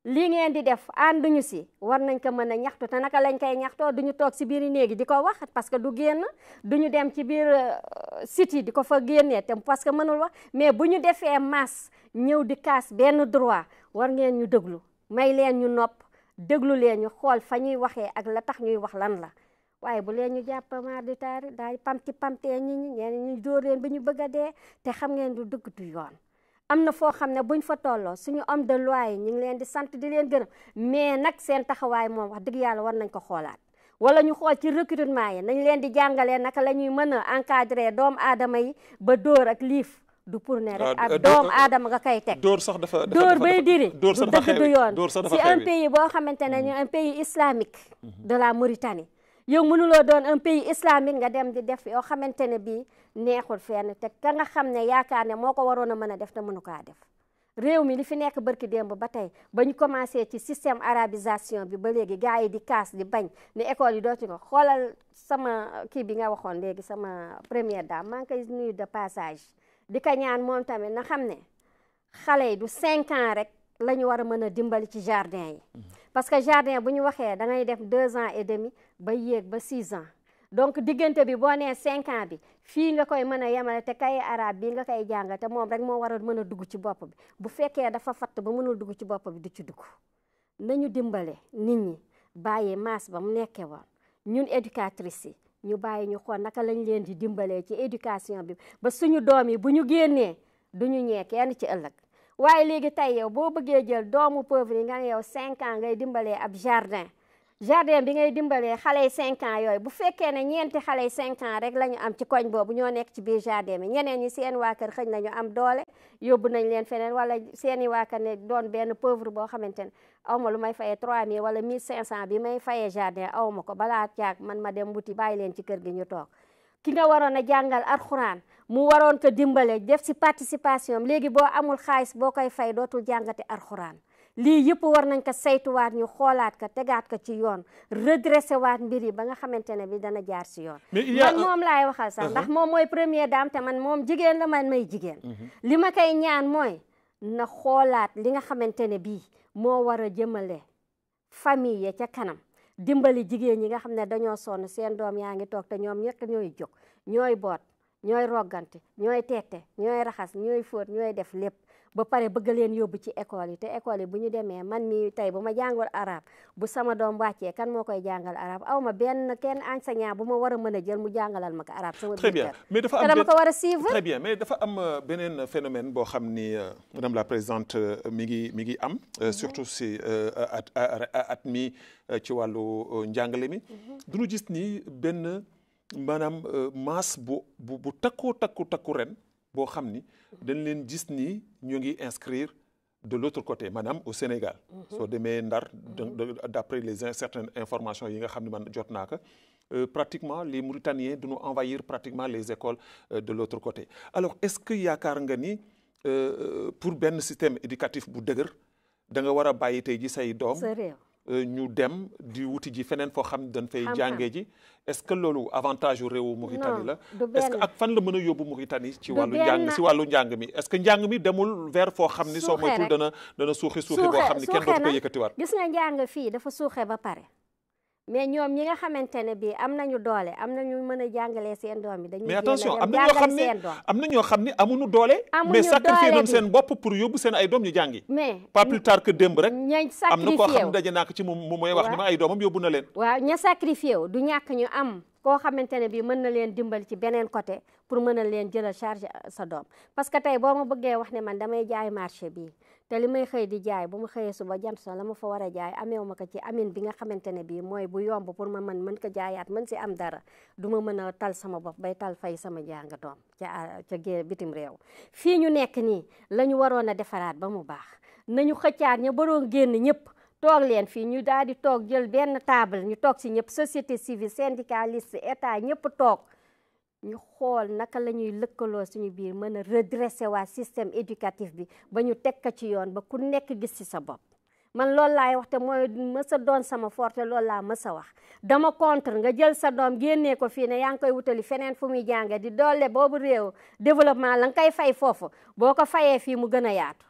lii ngeen di def ànduñu si war nañ ko mën a ñaxtu te naka lañ koy ñaxtoo duñu toog si biir néegi di ko wax parce que du génn duñu dem ci biir euh, siti di ko fa génnee te parce que mënul wax mais bu ñu defee masse ñëw di kaas benn droit war ngeen ñu déglu may leen ñu nopp déglu leen ñu xool fa ñuy waxee ak la tax ñuy wax lan la waaye bu leen ñu jàpp maar di taari daay pamti pamtee ñi ñu ñeen ñu dóor leen bi ñu bëgg a dee te xam ngeen du dëggutu du yoon am na foo xam ne buñ fa tolloo suñu homme de loi yi ñu ngi leen di sant di leen gërëm mais nag seen taxawaay moom wax dëgg yàlla war nañ ko xoolaat wala ñu xool ci recrutement yi nañ leen di jàngalee naka la ñuy mën a encadrer doomu aadama yi ba door ak liif du pour ne rek ak ah, euh, doomu euh, aadama nga koy teg dóor sax dafa dóor bay diri du dëgg du yoon si un pays boo xamante ne ñu mm-hmm. un pays islamique de la Mauritanie yow loo doon un pays islamique nga dem di def yoo xamante ne bii neexul fenn teg ka nga xam ne yaakaar ne moo ko waroon a mën a def te mënu kaa def réew mi li fi nekk barki démb ba tey ba ñu commencé ci système arabisation bi ba léegi gars yi di kaas di bañ ni école yi doo dootu ko xoolal sama kii bi nga waxoon léegi sama première dame maa ngi koy de passage di ko ñaan moom tamit na xam ne xale yi du cinq ans rek la ñu war a mën a dimbali ci jardin yi mm-hmm. parce que jardin bu ñu waxee da ngay def deux ans et demi ba yéeg ba six ans donc diggante bi boo nee cinq ans bi fii nga koy mën a yemale te kay arab bi nga koy jàngal te moom rek moo war a mën a dugg ci bopp bi bu fekkee dafa fatt ba mënul dugg ci bopp bi du ci dugg nañu dimbale nit ñi bàyyi maas ba mu nekkee woon ñun éducatrice yi ñu bàyyi ko naka lañ leen di dimbalee ci éducation bi ba suñu doom yi bu ñu génnee du ñu ñee kenn ci ëllëg waaye léegi tey yow boo bëggee jël doomu pauvre yi nga ne yow cinq ngay dimbalee ab jardin jardin bi ngay dimbalee xale yi cinq yooyu bu fekkee ne ñeenti xale yi cinq rek la ñu am ci koñ boobu ñoo nekk ci biir jardin bi ñeneen ñi seen waa kër xëñ na am doole yóbbu nañ leen feneen wala seeni waa kër ne doon benn pauvre boo xamante ne aw ma lu may fayee trois mille wala mille cinq cent bi may fayee jardin aw ko balaa caag man ma dem wuti bàyyi leen ci kër gi ñu toog ki nga waroon a jàngal alxuraan mu waroon ko dimbale def si participation léegi boo amul xaalis boo koy fay dootul jàngate alxuraan lii yëpp war nañ ko saytuwaat ñu xoolaat ka tegaat ko ci yoon redressé waat mbir yi ba nga xamante ne bi dana jaar si yoon man moom laay waxal sax ndax uh-huh. moom mooy premier dame te man moom jigéen la man may jigéen uh-huh. li ma koy ñaan mooy na xoolaat li nga xamante ne bii moo war a jëmale famille ya ca kanam dimbali jigéen ñi nga xam ne dañoo sonn seen doom yaa ngi toog te ñoom ñekk ñooy jok ñooy boot ñooy roggante ñooy teete ñooy raxas ñooy fóot ñooy def lépp ba pare bëgg leen yóbbu ci école yi te école yi bu ñu demee man mii tey bu ma jàngul arab bu sama doom wàccee kan moo koy jàngal arab aw ma benn kenn enseignant bu ma war a mën a jël mu jàngalal ma ko arab sama très bien mais dafa am dama ko a suivre très bien mais dafa am euh, beneen phénomène boo xam ni euh, madame la présidente euh, mi ngi mi ngi am mhm. surtout si at at mi ci wàllu njàngale mi mhm. duñu gis ni benn maanaam masse bu bu bu takku takku takku ren boo xam ni dañ leen gis ni ñu ngi inscrire de l'autre côté maanaam au Sénégal. Mhm. soo demee Ndar d'après les certaines informations yi nga xam ne man jot naa ko euh, pratiquement les Mauritaniens duñu envahir pratiquement les écoles euh, de l'autre côté alors est-ce que yaakaar nga ni euh, pour benn système éducatif bu dëgër da nga war a bàyyi tey ji say doom. Euh, ñu dem di wuti ji feneen foo xam dañ fay jàngee ji est-ce que loolu avantage u réewu Mauritanie la est-ce ak fan la mën a yóbbu Mauritanie ci wàllu njàng si wàllu njàng mi est-ce que njàng mi demul vers foo xam ni soo moytul dana dana suuxi suuxi boo xam ni kenn dootu ko yëkkatiwaat gis nga njàng fii dafa suuxee ba pare mais ñoom ñi nga xamante ne bii am nañu doole am nañu mën a jàngalee seen doom yi dañuy mais attention am na ñoo xam ne am na ñoo xam ne amuñu doole mais sacrifié nañ seen bopp pour yóbbu seen ay doom ñu jàngi mais pas plus tard rek ñañ sacrifié am na koo xam naa ko ci moom mooy wax ni ma ay doomam na leen waaw ña sacrifié wu du ñàkk ñu am koo xamante ne bii mën na leen dimbali ci beneen côté pour mën a leen jëlal charge sa doom parce que tey boo ma bëggee wax ne man damay jaay marché bi te li may xëy di jaay bu ma xëyee suba jant so la ma fa war a jaay ameewu ma ko ci amin bi nga xamante ne bii mooy bu yomb pour ma mën mën ko jaayaat mën si am dara du mën a tal sama bop bay tal fay sama jàng doom ca ca gé bitim réew fii ñu nekk nii la ñu waroon a defaraat ba mu baax ñu xëccaat ña baroon génn ñëpp toog leen fii ñu daal di toog jël benn table ñu toog ci ñëpp société civile syndicaliste état ñëpp toog ñu xool naka la ñuy lëkkaloo suñu biir mën a redresser waa système éducatif bi ba ñu teg ko ci yoon ba ku nekk gis ci sa bopp man loolu laay wax te mooy mësa doon sama forte loolu laa mësa wax dama contre nga jël sa doom génnee ko fii ne yaa ngi koy wutali feneen fu muy jànge di doole boobu réew développement la nga koy fay foofu boo ko fayee fii mu gën a yaatu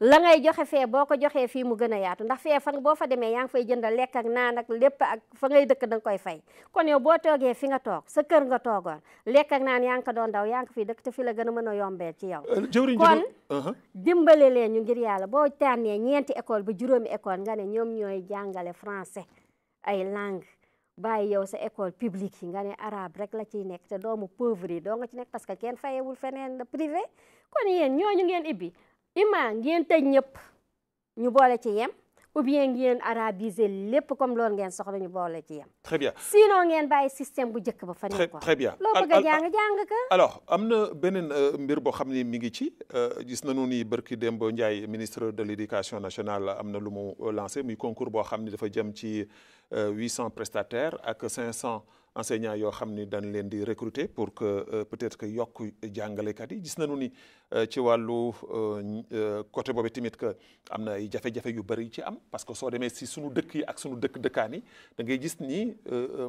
la ngay joxe fee boo ko joxee fii mu gën a yaatu ndax fee fan boo fa demee yaa ngi fay jënd lekk ak lépp ak fa ngay dëkk da koy fay kon yow boo toogee fi nga toog sa kër nga toogoon lekk ak naan yaa ngi ko doon daw yaa ngi ko fii dëkk te fi la gën a mën a yombeel ci yow euh, kon uh-huh. dimbale leen ñu ngir yàlla boo tànnee ñeenti école ba juróomi école nga ne ñoom ñooy jàngale français ay langue bàyyi yow sa ecole publique yi nga ne arabe rek la ciy nekk te doomu pauvre doo nga ci nekk parce que kenn fayewul feneen privé kon yen ñoo ñu ngeen ibbi ima ngeen tëj ñëpp ñu boole ci yem ou bien ngeen arabiser lépp comme loolu ngeen soxla ñu boole ci yem. très bien sinon ngeen bàyyi système bu njëkk ba fa nekk quoi. très bien loo a ka. alors am na beneen euh, mbir boo xam ni mi ngi ci euh, gis nañu ni Barki Dembo Ndiaye ministre de l' éducation nationale am na lu mu euh, lancé muy concours boo xam ni dafa jëm ci 800 prestataires ak cinq 500. enseignants yoo xam ni dañ leen di recruter pour que euh, peut-être que yokk jàngalekat yi gis nañu ni euh, ci wàllu euh, côté boobu tamit que am na ay jafe-jafe yu bari yu ci am parce que soo demee si sunu dëkk yi ak sunu dëkk dëkkaan yi da ngay gis ni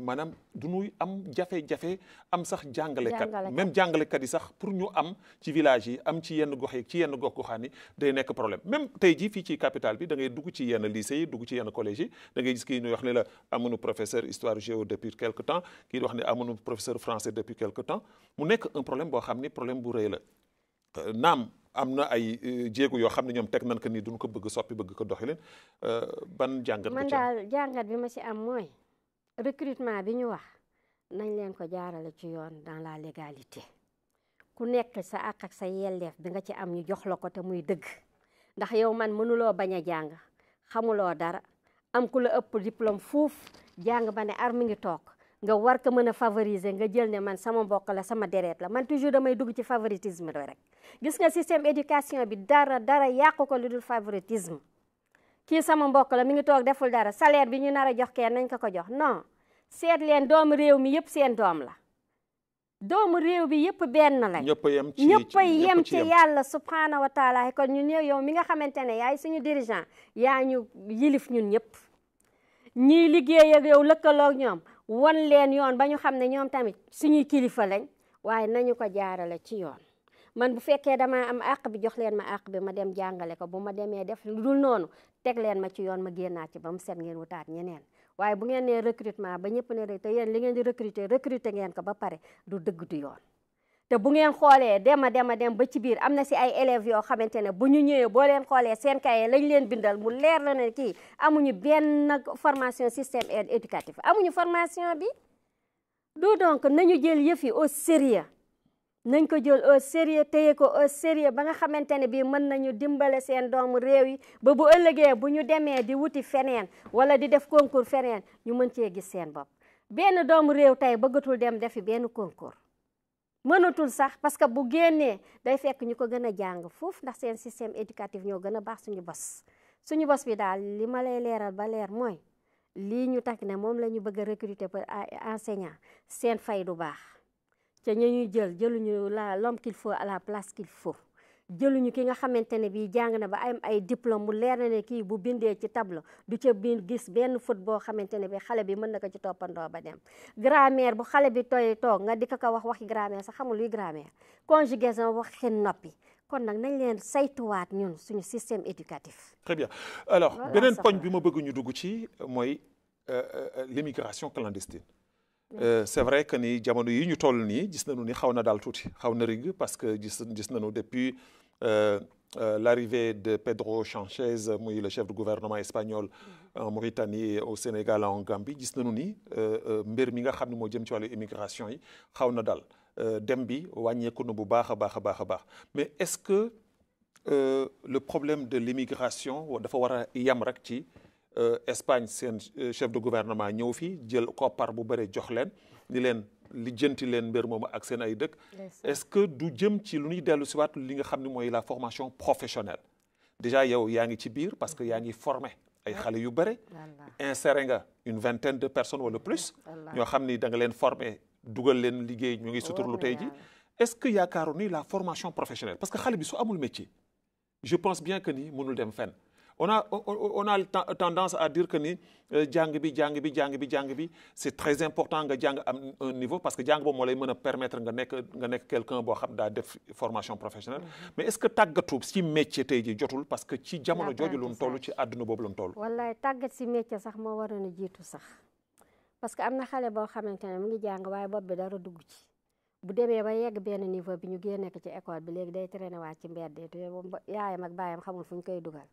maanaam du ñuy am jafe-jafe am sax jàngalekat même jàngalekat yi sax pour ñu am ci village yi am ci yenn gox yi ci yenn gox goxaan yi day nekk problème même tey fii ci capitale bi da ngay dugg ci yenn lycées yi dugg ci yenn collèges yi da ngay gis kii ne la amuñu professeur histoire géo depuis quelque temps kii di wax ne amuñu professeur français depuis quelque temps mu nekk un problème boo xam ni problème bu rëy la euh, naam am na ay euh, jéego yoo xam ne ñoom teg nañ ko ni duñ ko bëgg soppi bëgg ko doxalin euh, ban jàngat. man daal jàngat bi ma si am mooy recrutement bi ñu wax nañ leen ko jaarale ci yoon dans la légalité ku nekk sa àq ak sa yelleef bi nga ci am ñu jox la ko te muy dëgg ndax yow man mënuloo bañ a jàng xamuloo dara am ku la ëpp diplôme fuuf jàng ba ne ar mi ngi toog nga war ko mën a favoriser nga jël ne man sama mbokk la sama deret la man toujours damay dugg ci favoritisme la rek gis nga système éducation bi dara dara yàqu ko lu dul favoritisme kii sama mbokk la mi ngi toog deful dara salaire bi ñu nar a jox kenn nañ ko ko jox non seet leen doomu réew mi yëpp seen doom la doomu réew bi yëpp benn la ñëpp yem ci yem ci yàlla subhaana wa taala kon ñu ñëw yow mi nga xamante ne yaay suñu dirigeant yaa ñu yilif ñun ñëpp ñiy liggéey ak yow lëkkaloo ak won leen yoon ba ñu xam ne ñoom tamit suñuy kilifa lañ waaye nañu ko jaarale ci yoon man bu fekkee dama am àq bi jox leen ma àq bi ma dem jàngale ko bu ma demee def lu noonu teg leen ma ci yoon ma génnaat ci ba mu set ngeen wutaat ñeneen waaye bu ngeen nee recrutement ba ñëpp ne rek te yéen li ngeen di recruter recruter ngeen ko ba pare du dëgg du yoon te bu ngeen xoolee dem a dem a dem ba ci biir am na si ay élève yoo xamante ne bu ñu ñëwee boo leen xoolee seen cahier lañ leen bindal mu leer la ne kii amuñu benn formation système éducatif amuñu formation bi du donc nañu jël yëf yi au sérieux nañ ko jël au sérieux téye ko au sérieux ba nga xamante ne bii mën nañu dimbale seen doomu réew yi ba bu ëllëgee bu ñu demee di wuti feneen wala di def concours feneen ñu mën cee gis seen bopp benn doomu réew tey bëggatul dem defi benn concours mënatul sax parce que bu génnee day fekk ñu ko gën a jàng foofu ndax seen système éducatif ñoo gën a baax suñu bos suñu bos bi daal li ma lay leeral ba leer mooy lii ñu takk ne moom la ñu bëgg a recruter pour enseignant seen fay du baax ca ñu ñuy jël jëluñu la l'homme qu'il à la place qu'il jëluñu ki nga xamante ne bii jàng na ba am ay diplôme mu leer na ne kii bu bindee ci tableau du ca biir gis benn fët boo xamante ne bii xale bi mën na ko ci toppandoo ba dem grammaire bu xale bi tooy toog nga di ko ko wax waxi grammaire sax xamul luy grammaire wax xeen noppi kon nag nañ leen saytuwaat ñun suñu système éducatif. très bien alors beneen poñ bi ma bëgguñu ñu dugg ci mooy euh, euh, euh, l'immigration clandestine. Euh, c'est vrai que ni jamono yi ñu toll nii gis nañu ni xaw na daal tuuti xaw na rig parce que gis gis nañu depuis euh, euh, l'arrivée de Pedro Sánchez muy le chef du gouvernement espagnol en Mauritanie au Sénégal en Gambie gis nañu ni mbir mi nga xam ne moo jëm ci wàllu immigration yi xaw na daal dem bi wàññeeku na bu baax a baax a baax a baax mais est-ce que le problème de l'immigration dafa war a yam rek ci Euh, Espagne seen euh, chef de gouvernement ñëw fii jël ko par bu bëri jox leen ni leen lijjanti leen mbir moomu ak seen ay dëkk est-ce que du jëm ci lu ñuy dellu si waat li nga xam ne mooy la formation professionnelle déjà yow yaa ngi ci biir parce que yaa ngi formé ay xale yu bëri inséré nga une vingtaine de personnes wala plus ñoo xam ni danga leen forme dugal leen liggéey ñu ngi suturlu tey ji est-ce que yaakaaru ni la formation professionnelle parce que xale bi su amul métier je pense bien que ni mënul dem on a on tendance à dire que ni euh, jàng bi jàng bi jàng bi jàng bi c'est très important nga jàng am un niveau parce que jàng boobu moo lay mën a permetre nga nekk nga nekk quelqu'un boo xam daa def formation professionnelle mm-hmm. mais est-ce que tàggatu ci métier tey jotul parce que ci jamono jooju lu mu toll ci àdduna boobu lu mu toll wallaay ci métier sax moo waroon a jiitu sax parce que am na xale boo xamante ne mu ngi jàng waaye bopp bi dara dugg ci bu demee ba yegg benn niveau bi ñu génne ko ci léegi day traîner waat ci mbedd yaayam ak baayam xamul fu ñu koy dugal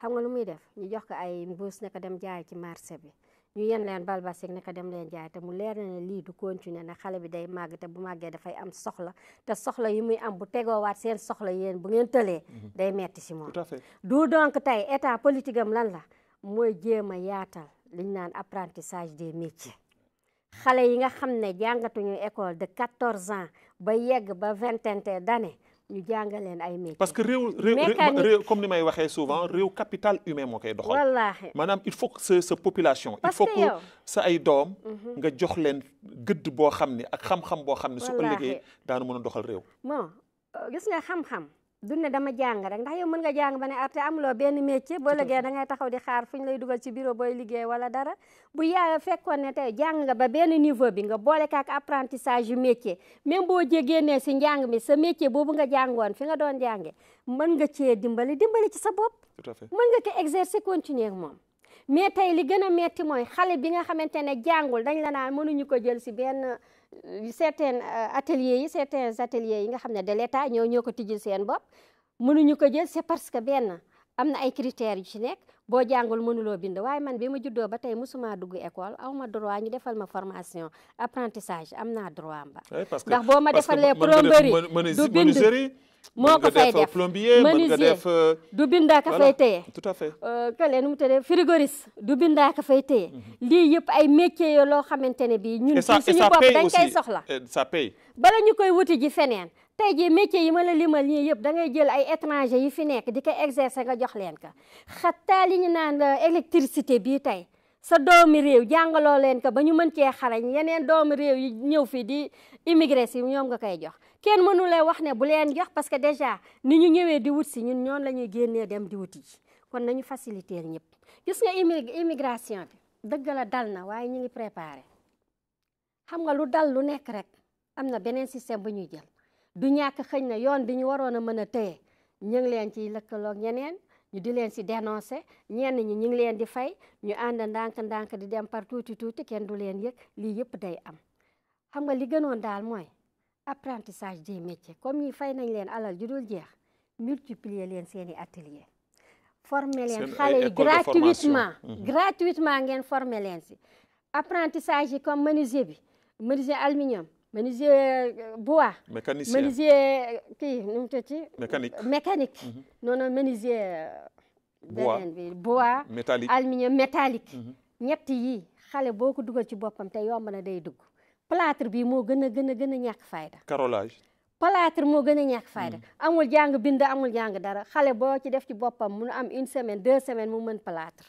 xam nga lu muy def ñu jox ko ay mbuus ne ko dem jaay ci marché bi ñu yen leen balbasik ne ko dem leen jaay te mu leer ne lii du continuer ne xale bi day màgg te bu màggee dafay am soxla te soxla yi muy am bu tegoowaat seen soxla yéen bu ngeen tëlee mhm. day metti si moom du donc tey état politique am lan la mooy jéem a yaatal liñ naan apprentissage des métiers xale yi nga xam ne jàngatuñu école de 14 ans ba yegg ba vingtaine d'années ñu jàngal parce que réew réew comme ni may waxee souvent réew capital humain moo koy doxal. wallaahi maanaam il faut que sa sa population. il faut que sa ay doom. Mhm. nga jox leen gëdd boo xam ne ak xam-xam boo xam ne. su ëllëgee daanu mën a doxal réew. bon euh, gis nga xam-xam. duñ ne dama jàng rek ndax mën nga jàng ba ne arte amuloo benn métier boo gee da ngay taxaw di xaar fu ñu lay dugal ci bureau booy liggéey wala dara bu yaa fekkoon ne tey jàng ba benn niveau bi nga boole kaak apprentissage yu métier même boo jégéenee si njàng mi sa métier boobu nga jàngoon fi nga doon jànge mën nga cee dimbali dimbali ci sa bop tout à fait mën nga ko exercer continuer moom mais tey li gën a metti mooy xale bi nga xamante ne jàngul dañ la naan mënuñu ko jël si benn certains euh, ateliers yi certains ateliers yi nga xam ne de l'État ñoo ñoo ko tijjil seen bopp mënuñu ko jël c'est parce que benn am na ay critères yu ci nekk boo jàngul mënuloo bind waaye man bi ma juddoo ba tey musuma dugg école aw ma droit ñu defal ma formation apprentissage am naa droit mba eh, ndax boo ma defalee plomberie du bind moo ko fay def plombier menuisier du bindaa ka fay téye tout à fait euh, kële nu mu tëddee frigoriste du bindaa ka fay téye mm-hmm. lii yëpp ay métiers yoo loo xamante ne bii ñun suñu bopp dañ koy soxla ça paye bala ñu koy wuti ji feneen tey jii métier yi ma la limal ñii yëpp da ngay jël ay étranger yi fi nekk di ko exercer nga jox leen ko xataa li ñu naan électricité bii tey sa doomi réew jàngaloo leen ko ba ñu mën cee xarañ yeneen doomi réew yi ñëw fii di immigré si ñoom nga koy jox kenn mënu lay wax ne bu leen jox parce que déjà ni ñu ñëwee di wut si ñun ñoon la ñuy génnee dem di wuti kon nañu faciliter ñëpp gis nga immigration bi dëgg la dal na waaye ñu ngi préparé xam nga lu dal lu nekk rek am na beneen système bu ñuy jël du ñàkk xëñ na yoon bi ñu waroon a mën a téye ñu ngi leen ciy lëkkaloog ñeneen ñu di leen si dénoncé ñenn ñi ñu ngi leen di fay ñu ànd ndànk-ndànk di dem par tuuti tuuti kenn du leen yëg lii yëpp day am xam nga li gënoon daal mooy apprentissage des métiers comme ñi fay nañ leen alal ju dul jeex multiplier leen seen i atelier former leen xale yi gratuitement mhm. gratuitement ngeen former leen si apprentissage yi comme menuisier bi menuisier aluminium menuisier euh, bois. mécanicien menuisier euh, kii nu mu tëti. mécanique mécanique. Mhm. noonu menuisier. Euh, bois beneen bi bois. métallique aluminium métallique. Mhm. ñett yii xale boo ko dugal ci boppam te yomb na day dugg. plâtre bi moo gën a gën a gën a ñàkk fayda. carrelage. plâtre moo gën a ñàkk fayda. Mhm. amul jàng bind amul jàng dara xale boo ci def ci boppam mun am une semaine deux semaines mu mën plâtre.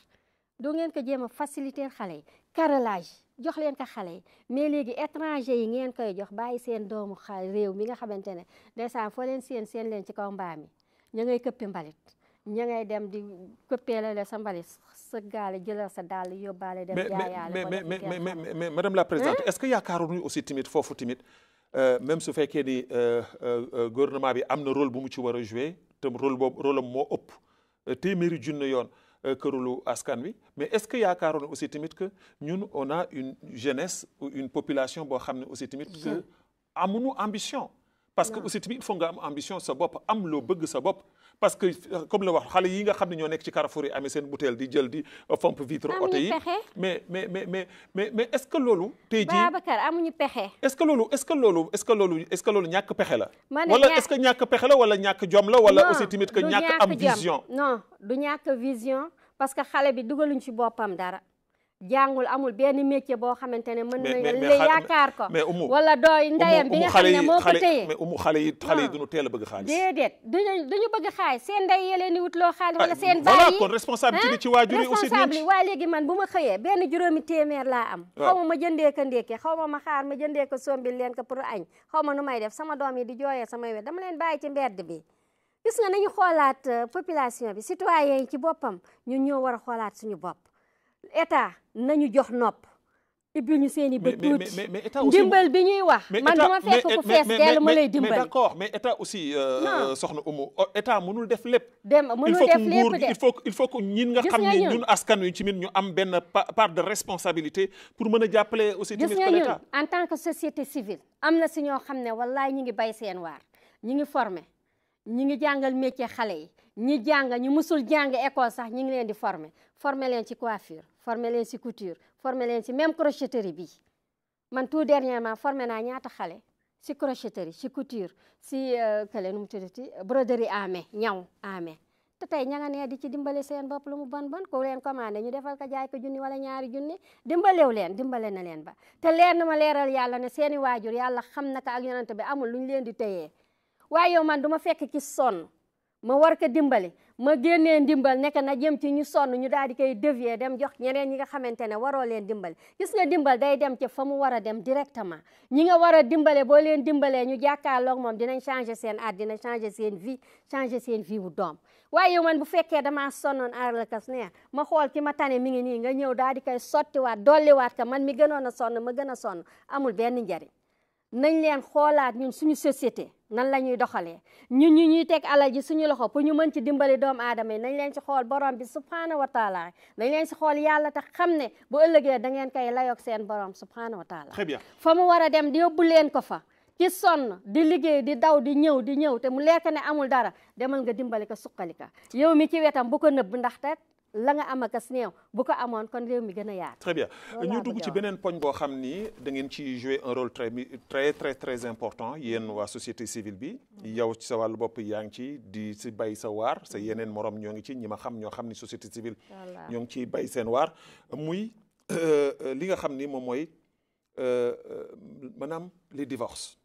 doo ngeen ko jéem a faciliter xale yi carrelage jox leen ko xale yi mais léegi étranger yi ngeen koy jox bàyyi seen doomu xale réew mi nga xamante ne ndeysaan foo leen seen seen leen ci kaw mbaa mi ña ngay këppi mbalit ña ngay dem di këppeele la sa mbalit sa gaale jëlal sa dàll yóbbaale dem jaayaale mais mais mais mais madame la présidente est-ce que yaakaaruñu aussi tamit foofu tamit euh, même su fekkee ni euh, euh, gouvernement bi am na rôle bu mu ci war a jouer te rôle boobu rôle am moo ëpp téeméeri junne yoon Euh, kërulu askan wi mais est-ce que yaakaaroon aussi tamit que ñun on a une jeunesse ou une population boo xam ne aussi tamit que nu ambition parce que aussi tamit il faut nga am ambition sa bopp am loo bëgg sa bopp parce que euh, comme la wax xale yi nga xam ne ñoo nekk ci carrefour yi amee seen bouteille di jël di euh, fomp vitre oto yi mais mais mais mais mais mais est-ce que loolu tey pexe est loolu est loolu est loolu est pexe la wala est-ce pexe la wala ñàkk jom la wala aussi tamit que ñàkk am vision parce que xale bi dugaluñ ci boppam dara jàngul amul benn métier boo xamante ne mën nañu yaakaar ko mais umu wala dooy ndeyam bi nga xam ne moo ko téye mais umu xale yi xale yi ah. duñu teel a bëgg xaalis déedéet duñu duñu bëgg xaalis seen ndey yee leen di wut loo xaalis wala ah, seen baay yi voilà kon responsabilité ah, ci waajur yi waa léegi man bu ma xëyee benn juróomi téeméer laa am xaw ma ma jëndee ko ndékkee xaw ma ma xaar ma jëndee ko sombil leen ko pour añ xaw ma nu may def sama doom yi di jooyee samay wet dama leen bàyyi ci mbedd bi gis nga nañu xoolaat euh, population bi citoyen yi ci boppam ñun ñoo war a xoolaat suñu bopp état nañu jox nopp. ibbil ñu seen i bët dimbal bi ñuy wax. man dama fekk ku fees dellu ma lay dimbali. mais d'accord mais état aussi. Euh, soxna Umu état mënul def lépp. dem mënul def lépp de il faut que il faut nga xam ne ñun askan wi ci min ñu am benn part de responsabilité pour mën a jàppale aussi. tamit que l'état en tant que société civile. am na si ñoo xam ne wallaay ñu ngi bay seen waar ñu ngi formé. ñi ngi jàngal métier xale yi ñi jàng ñu musul jàng école sax ñi ngi leen di former former leen ci coiffure former leen ci couture former leen ci même crocheterie bi man tout dernièrement formé naa ñaata xale ci crocheterie ci couture ci euh, kële nu mu tuddati broderie à main ñaw à main te tey ña nga di ci dimbale seen bopp lu mu bon bon ku leen commande ñu defal ko jaay ko junni wala ñaari junni dimbalew leen dimbale na leen ba te leen ma leeral yàlla na seeni waajur yàlla xam na ko bi amul lu ñu leen di téyee waaye yow man du ma fekk ki sonn ma war ko dimbali ma génnee ndimbal nekk na jëm ci ñu sonn ñu daal di koy dévier dem jox ñeneen ñi nga xamante ne waroo leen dimbali gis nga dimbal day dem ci fa mu war a dem directement ñi nga war a dimbale boo leen dimbalee ñu jàkkaarloog moom dinañ changer seen at dina changer seen vie changer seen vie bu doom waaye yow man bu fekkee damaa sonnoon aar la kas ma xool ki ma tane mi ngi nii nga ñëw daal di koy sottiwaat dolliwaat ka man mi gënoon a sonn ma gën a sonn amul benn njariñ nañ leen xoolaat ñun suñu société nan la ñuy doxalee ñun ñu ñuy teg alal ji suñu loxo pour ñu mën ci dimbali doom aadama yi nañ leen ci xool borom bi subhanahu wa taala nañ leen ci xool yàlla te xam ne bu ëllëgee da ngeen koy layoog seen borom subhanahu wa taala fa mu war a dem di yóbbu leen ko fa ki sonn di liggéey di daw di ñëw di ñëw te mu lekk ne amul dara demal nga dimbali ko suqali ka yow mi ci wetam bu ko nëbb ndax te la nga am akas néew bu ko amoon kon réew mi gën a yaatu. très bien ñu dugg ci beneen poñ boo xam ni dangeen ngeen ci jouer un rôle très très très très important yéen waa société civile bi. Mm-hmm. yow ci sa bopp yaa ngi ci di si bay sa waar sa mm-hmm. yeneen moroom ñoo ngi ci ñi ma xam ñoo xam ni société civile. ñoo ngi ci bay seen waar. muy euh, euh, li nga xam ni moom mooy euh, maanaam les divorces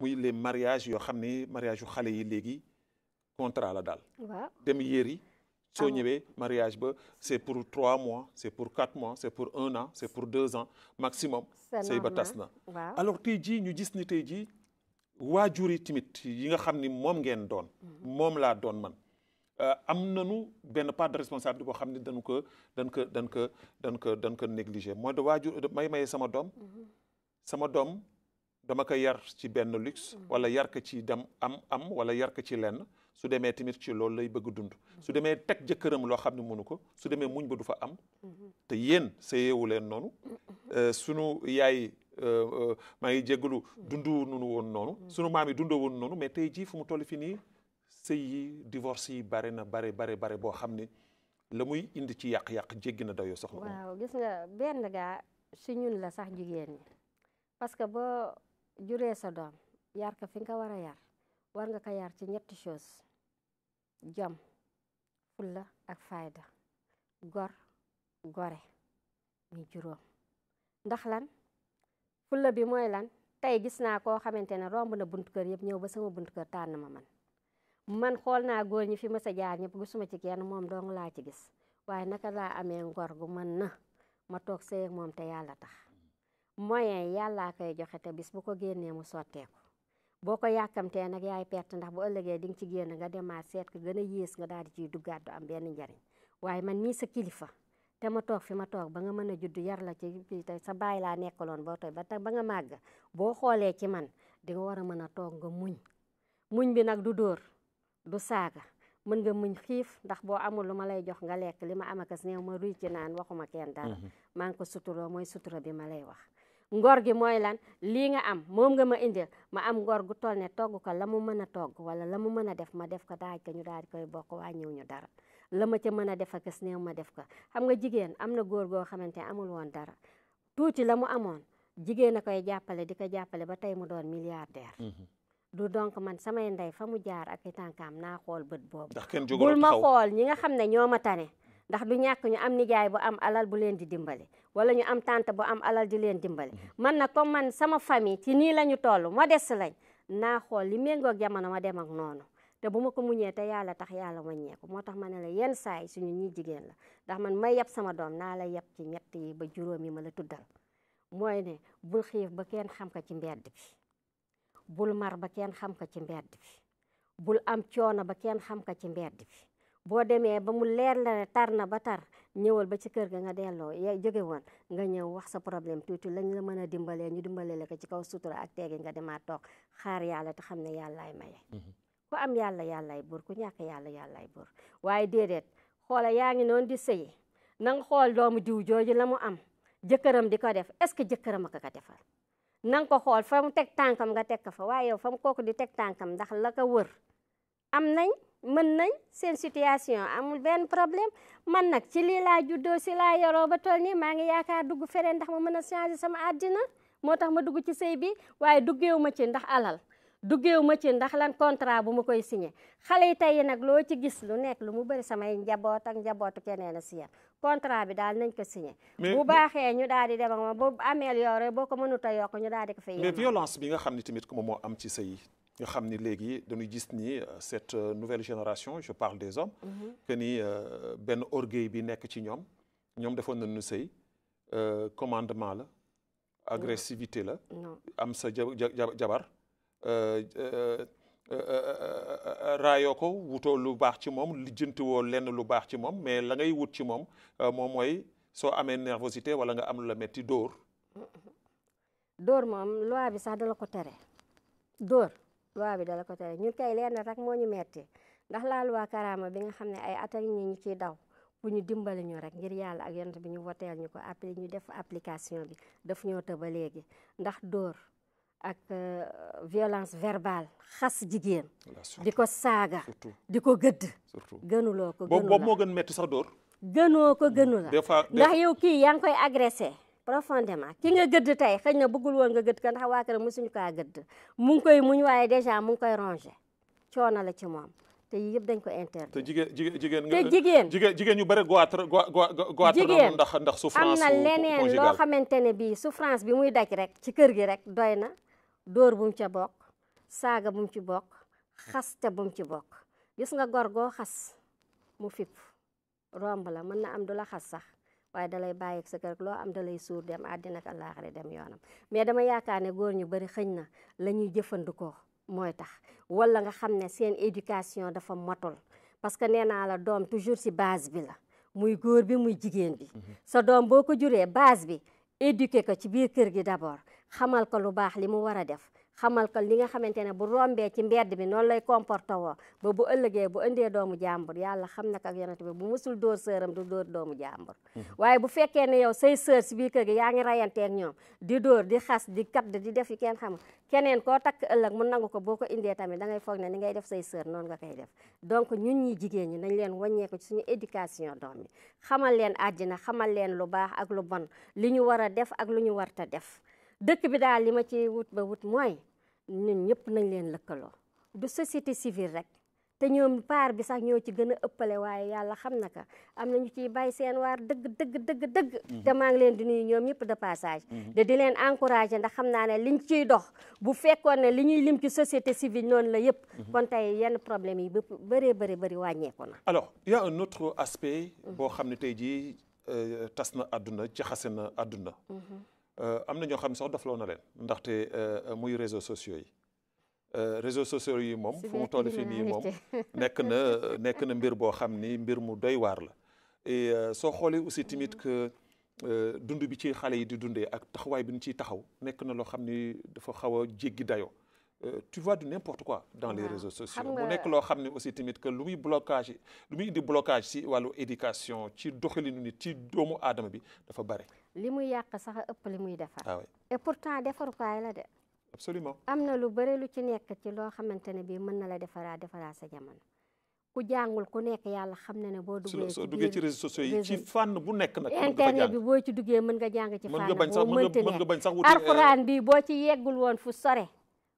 muy les mariages yoo xam ni mariage yu xale yi léegi contrat la daal. waaw dem yéeri. soo ñëwee mariage ba c' est pour trois mois c' est pour quatre mois c' est pour un an c' est pour deux ans maximum sëy ba tas na alors tey jii ñu gis ni tey jii waajur yi tamit yi nga xam ni moom ngeen doon mhm. moom laa doon man euh, am nañu benn part de responsabilité boo xam ne dañu ko dañ ko dañ ko dañ ko dañ ko négligé mooy de waajur may maye sama doom mhm. sama doom dama ko yar ci benn luxe mhm. wala yar ko ci dem am am wala yar ko ci lenn su demee tamit ci loolu lay bëgg dund su demee teg jëkkëram loo xam ne munu ko su demee muñ ba du fa am te yéen seyeewu leen noonu euh, sunu yaay euh, euh, maa ngi jégalu dundu nunu woon noonu sunu maam yi dundoo woon noonu mais tey jii fu mu toll fi nii sëy yi divorce yi bare na bare bare bare boo xam ne la muy indi ci yàq-yàq jéggi na dayoo soxna waaw gis nga benn gaa si ñun la sax jigéen ñi parce que boo juree sa doom yar ko fi nga ko war a yar war nga ko yar ci ñetti chose jom fulla ak fayda gor gore muy juróom ndax lan fulla bi mooy lan tey gis naa koo xamante ne romb na buntu kër yëpp ñëw ba sama buntu kër tànn ma man man xool naa góor ñi fi ma sa jaar ñëpp gisuma ci kenn moom dong laa ci gis waaye naka laa amee ngor gu mën na ma toog sëy ak moom te yàlla tax moyen yàllaa koy joxe te bis bu ko génnee mu sotteeku boo ko yàkkamtee nag yaay perte ndax bu ëllëgee di nga ci génn nga demaat seet ko gën a yées nga daal di ciy duggaat du am benn njariñ waaye man nii sa kilifa te ma toog fi ma toog ba nga mën a judd yar la ci tey sa baay laa nekkaloon boo tooy ba ba nga màgg boo xoolee ci man di nga war a mën a toog nga muñ muñ bi nag du dóor du saaga mën nga muñ xiif ndax boo amul lu ma lay jox nga lekk li ma amakas neew ma ruy ci naan waxuma kenn dara mm-hmm. maa ngi ko suturoo mooy sutura bi ma lay wax ngor gi mooy lan lii nga am moom nga ma indil ma am ngor gu toll ne togg ko la mu mën a togg wala la mu mën a def ma def ko daaj ko ñu daal di koy bokk waa ñëw ñu dara la ma ca mën a def ak as néew ma def ka xam nga jigéen am na góor goo xamante amul woon dara tuuti la mu amoon jigéen a koy jàppale di ko jàppale ba tey mu doon milliardaire. Mhm. du donc man samay ndey fa mu jaar ak i tànkaam naa xool bët boobu. bul ma xool ñi nga xam ne ñoo ma tane. ndax du ñàkk ñu am nijaay bu am alal bu leen di dimbale wala ñu am tante bu am alal di leen dimbale mm-hmm. man na comme man sama famille ci nii la ñu toll modeste lañ naa xool li méngoog jamono ma dem ak noonu te bu ma ko muñee te yàlla tax yàlla waññeeku moo tax ma ne la yenn saa yi ñu ñi jigéen la ndax man ma yeb sama doom naa la yeb ci ñett yi ba juróom yi ma la tuddal mooy ne bul xiif ba kenn xam ko ci mbedd mar ba kenn xam ko ci mbedd bi bul am coono ba kenn xam ko ci mbedd bi boo demee ba mu leer la ne tar na ba tar ñëwal ba ci kër ga nga delloo ya jóge woon nga ñëw wax sa problème tuuti lañ la mën a dimbalee ñu dimbalee la ko ci kaw sutura ak teegi nga demaat toog xaar yàlla te xam ne yàllaay maye mhm. ku am yàlla yàllaay buur ku ñàkk yàlla yàllaay buur waaye déedéet xoola yaa ngi noonu di sëyi na nga xool doomu diw jooju la mu am jëkkëram di ko def est-ce que jëkkëram ak ko defal na nga ko xool fa mu teg tànkam nga teg ko fa waaye yow fa mu kooku di teg tànkam ndax la ko wër mën nañ seen situation amul benn problème man nag ci lii laa juddoo si laa yoroo ba toll nii maa ngi yaakaar dugg fereen ndax ma mën a changer sama àddina moo tax ma dugg ci sëy bi waaye duggeewu ma ci ndax alal duggeewu ma ci ndax lan contrat bu ma koy signé xale yi tey nag loo ci gis lu nekk lu mu bari samay njaboot ak njabootu keneen a si yam bi daal nañ ko signé. bu baaxee ñu daal di dem ak moom bu ameel yore boo ko mënut a yokk ñu daal di ko fay. mais violence bi nga xam ne tamit moom moo am ci sëy ñu xam ni léegi dañuy gis ni euh, cette euh, nouvelle génération je parle des hommes. Mm-hmm. que ni euh, benn orgueil bi nekk ci ñoom ñoom defoon na nañu sëy commandement la. agressivité la. am sa jabar. raayoo ko wutoo lu baax ci moom lijjantiwoo lenn lu baax ci moom mais la ngay wut ci moom moom mooy soo amee nervosité wala nga am lu la metti dóor. Mm-hmm. dóor moom loi bi dala ko tere dóor. loi bi dala ko tere ñun kay lenn rek moo ñu metti ndax la loi Karama bi nga xam ne ay atal ñi ñu ciy daw bu ñu dimbali ñu rek ngir yàlla ak yonent bi ñu woteel ñu ko appli ñu def application bi daf ñoo të ba léegi ndax dóor ak euh, violence verbal xas jigéen di ko saaga di ko gëdd gënuloo ko gënu la boobu moo gën metti sax dóor gënoo ko gënu ndax yow kii yaa koy agressé profondément ki nga gëdd tey xëy na bëggul woon nga gëdd ko ndax waa këram mosuñu kaa gëdd mu ngi koy muñ waaye déjà mu ngi koy rongé coono la ci moom te yii dañ ko interdit. te jigéen jigéen jigéen jigéen jigéen ñu bëri goitre goitre ndax ndax souffrance am na leneen loo xamante ne bii souffrance bi muy daj rek ci kër gi rek doy na dóor bu mu ca bokk saaga bu mu ci bokk xaste bu ci bokk gis nga gor goo xas mu fipp romb la mën na am du la sax waaye dalay bàyyi sa kër loo am dalay suur dem àddina ak àllaaxira dem yoonam mais dama yaakaar ne góor ñu bari xëñ na la ñuy jëfandikoo mooy tax wala nga xam ne seen éducation dafa motul parce que nee naa la doom toujours si base bi la muy góor bi muy jigéen bi mhm. sa doom boo ko juree base bi éduquer ko ci biir kër gi d'abord xamal ko lu baax li mu war a def xamal ko li nga xamante ne bu rombee ci mbedd bi noonu lay comporter woo ba bu ëllëgee bu indee doomu jàmbur yàlla xam na ko ak yonent bi bu musul door sëram du dóor doomu jàmbur mm-hmm. waaye bu fekkee ne yow say sër si biir kër gi yaa ngi rayanteeg ñoom di dóor di xas di kat di def yi kenn xamul keneen koo takk ëllëg mu nangu ko boo ko indee tamit da ngay foog ne ni ngay def say sër noon nga koy def donc ñun ñi jigéen ñi nañ leen wàññeeku ci suñu éducation doom yi xamal leen àddina xamal leen lu baax ak lu bon li ñu war a def ak lu ñu warta def dëkk bi daal li ma ci wut ba wut mooy ñun ñëpp nañ leen lëkkaloo du société civile rek te ñoom paar bi sax ñoo ci gën a ëppale waaye yàlla xam na ka am na ñu ciy bay seen waar dëgg dëgg dëgg dëgg mhm. te maa leen di nuy ñoom ñëpp de passage de mhm. di leen encouragé ndax xam naa ne li liñ ciy dox bu fekkoon ne li ñuy lim ci société civile noon la yëpp mhm. kon tey yenn problème yi bëpp bëree bëri bëri wàññeeku na alors y a un autre aspect boo xam ne tey jii euh, tas na àdduna jaxase na àdduna Euh, am na ñoo xam ne sax dofloo na leen ndaxte euh, muy réseaux sociaux yi euh, réseaux sociaux yi moom fu mu toll fii nii moom nekk na nekk na mbir boo xam ni mbir mu doy waar la e soo xoolee aussi tamit que dund bi ci xale yi di dundee ak taxawaay bi ñu ciy taxaw nekk na loo xam ni dafa xaw a jéggi dayoo tu vois du n'importe quoi dans les réseaux sociaux mu nekk loo xam ne aussi tamit que lu muy blocage lu muy indi blocage si wàllu éducation ci doxalinu nit ci doomu aadama bi dafa bare li muy yàq sax a ëpp li muy defar ah et pourtant defarukaay la de absolument am na lu bare lu ci nekk ci loo xamante ne bii mën na la defaraa defaraa sa jamono ku jàngul ku nekk yàlla xam na ne boo duggee soo duggee ci réseaux sociaux yi ci fànn bu nekk nag internet bi boo ci duggee mën nga jàng ci fànn boo mënti nekk euh, alxuraan bi boo ci yeggul woon fu sore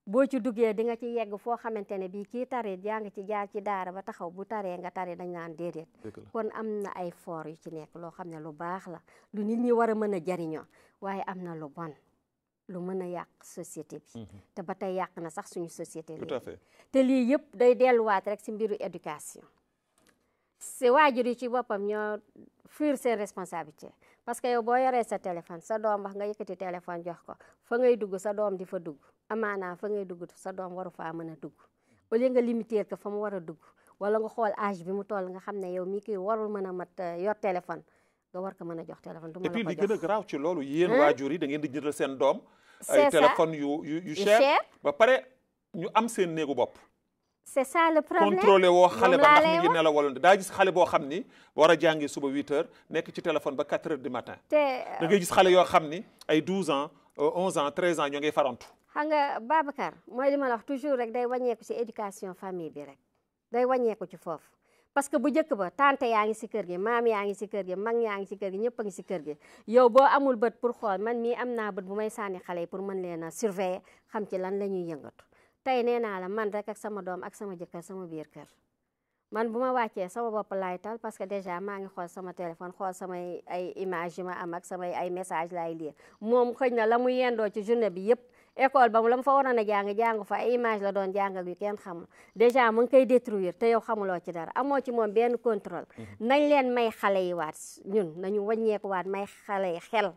boo ci duggee di nga ci yegg foo xamante ne bii kii tare yaa ngi ci jaar ci daara ba taxaw bu taree nga tare dañ naan déedéet kon am na ay foor yu ci nekk loo xam ne lu baax la lu nit ñi war a mën a jariñoo waaye am na lu bon lu mën a yàq société bi mhm. te ba tey yàq na sax suñu société tout à fait te lii yëpp day delluwaat rek si mbiru éducation si waajur yi ci boppam ñoo fiir seen responsabilité parce que yow boo yoree sa téléphone sa doom wax nga yëkkati téléphone jox ko fa ngay dugg sa doom di fa dugg amaanaa fa ngay dugg sa doom waru faa mën a dugg au lieu nga limiter ko fa mu war a dugg wala nga xool âge bi mu toll nga xam ne yow mii kii warul mën a mat euh, yor téléphone nga war ko mën a jox téléphone du ma la ko jox gën a garaaw loolu yéen waajur yi da ngeen di jëndal seen doom ay téléphone yu yu ba pare ñu am seen néegu bopp c'est ça le problème contrôlé woo xale ba ndax mi ngi nelaw wala daa gis xale boo xam ni war a jàngi suba 8 heures nekk ci téléphone ba 4 heures du matin te da gis xale yoo xam ni ay 12 ans 11 euh, ans 13 ans ñoo ngay farantu xam nga Babacar mooy li ma la toujours rek day wàññeeku ci éducation famille bi rek day wàññeeku ci foofu parce que bu njëkk ba tante yaa ngi ci kër gi maam yaa ngi ci kër gi mag yaa ngi ci kër gi ñëpp a ngi ci kër gi yow boo amul bët pour xool man mii am naa bët bu may sànni xale yi pour mën leen a surveiller xam ci lan la ñuy yëngatu tey nee naa la man rek ak sama doom ak sama jëkkër sama biir kër man bu ma wàccee sama bopp laay tal parce que déjà maa ngi xool sama téléphone xool samay ay image ma am ak sama ay message laay lire moom xëy na la mu yendoo ci journée bi yëpp école ba mu la mu fa waroon a jàng jàng fa ay image la doon jàng ak yu kenn xamul déjà mu ngi koy détruire te yow xamuloo ci dara amoo ci moom benn contrôle mhm. nañ leen may xale yi waat ñun nañu wàññeeku waat may xale yi xel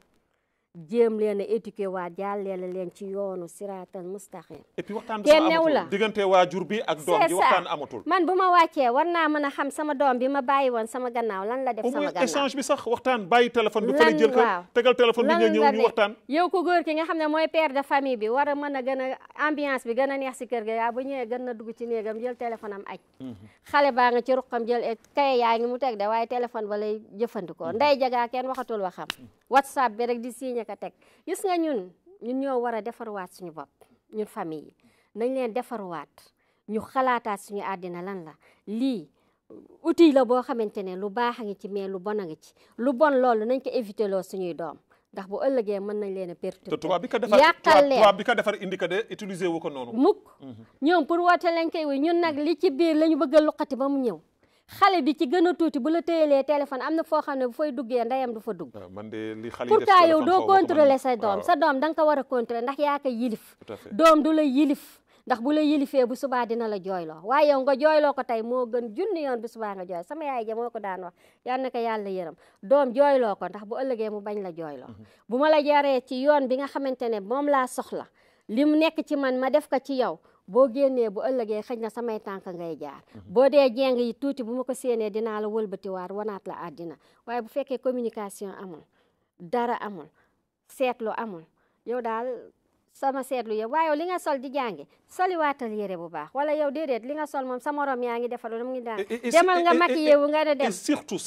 jéem leen a éduquer waa jàllale leen ci yoonu siraatal mustaqim et puis waxtaan te new la diggante waajur bi ak doom ji waxtaan amatul man bu ma wàccee war naa mën a xam sama doom bi ma bàyyi woon sama gannaaw lan la def sama gannaaw échange bi sax waxtaan bàyyi téléphone bi fële jël ko tegal téléphone bi nga ñëw ñu waxtaan yow ku góor ki nga xam ne mooy père de famille bi war a mën a gën a ambiance bi gën a neex si kër ga yaa bu ñëwee gën na dugg ci néegam jël téléphone am aj mhm. xale baa nga ci ruqam jël kaye yaa ngi mu teg de waaye téléphone ba lay jëfandikoo mhm. nday jagaa kenn waxatul waxam mhm. whatsapp bi rek di signé ñaka teg gis nga ñun ñun ñoo war a defarwaat suñu bopp ñun famille yi nañ leen defarwaat ñu xalaataat suñu àddina lan la lii outil la boo xamante ne lu baax a ngi ci mais lu bon a ngi ci lu bon loolu nañ ko éviter loo suñuy doom ndax bu ëllëgee mën nañ leen a perturber. te tubaab bi ko indi ko de utiliser wu ko noonu. mukk mhm. ñoom pour woote lañ koy wuy li ci biir la ñu bëgg a luqati ba mu ñëw. xale bi ci gën a tuuti bu la téyelee téléphone am na foo xam ne bu fay duggee ndeyam du fa dugg ah, pourtant yow doo contrôler sa doom ah. sa doom da nga ko war a contrôler ndax yaa yilif doom du la yilif ndax bu la yilifee bu subaa dina la jooyloo waaye yow nga jooyloo ko tey moo gën junni yoon bu subaa nga jooy sama yaay ja moo ko daan wax yal na ko yàlla yërëm doom jooyloo ko ndax bu ëllëgee mu bañ la jooyloo mhm. bu ma la yaree ci yoon bi nga xamante ne moom laa soxla li mu nekk ci man ma def ko ci yow boo génnee bu ëllëgee xëj na samay tànk ngay jaar mhm. boo dee jeeng yi tuuti bu ma ko séenee dinaa la wëlbatiwaat wanaat la àddina waaye bu fekkee communication amul dara amul seetlu amul yow daal sama seetlu yow waaye li nga sol di jàngi soliwaatal yére bu baax wala yow déedéet li nga sol moom sa morom yaa ngi defal mu ngi daan demal nga maquillé wu nga ne dem et surtout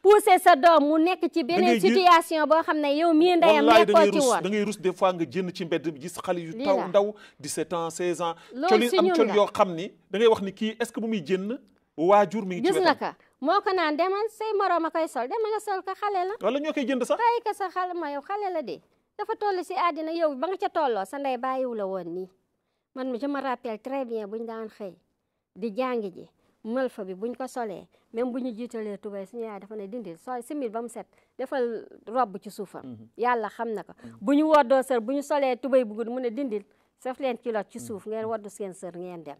pousser sa doom mu nekk ci beneen situation boo xam ne yow mii ndeyam nekkoo ci woon da ngay rus des fois nga jënn ci mbedd bi gis xale yu taw ndaw 17 ans 16 ans col yi am col yoo xam ni wax ni kii est que bu muy jënn waajur mi ngi ci wetam gis nga ka moo ko naan demal say moroom a koy sol demal nga sol ko xale la wala ñoo koy jënd sax tay ka sa xale ma yow xale la de dafa toll si àddina yow ba nga ca tolloo sa ndey bàyyiwu la woon nii man je me rappelle très bien buñ daan xëy di jàng ji malfa bi buñ ko solee même bu ñu jiitalee tubéy suñu yaay dafa ne dindil sol simil ba mu set defal rob ci suufam mhm. yàlla xam na ko mhm. bu ñu woddoo sër bu ñu solee tubéy bu gudd mu dindil saf leen kilot ci mhm. suuf ngeen waddu seen ngeen dem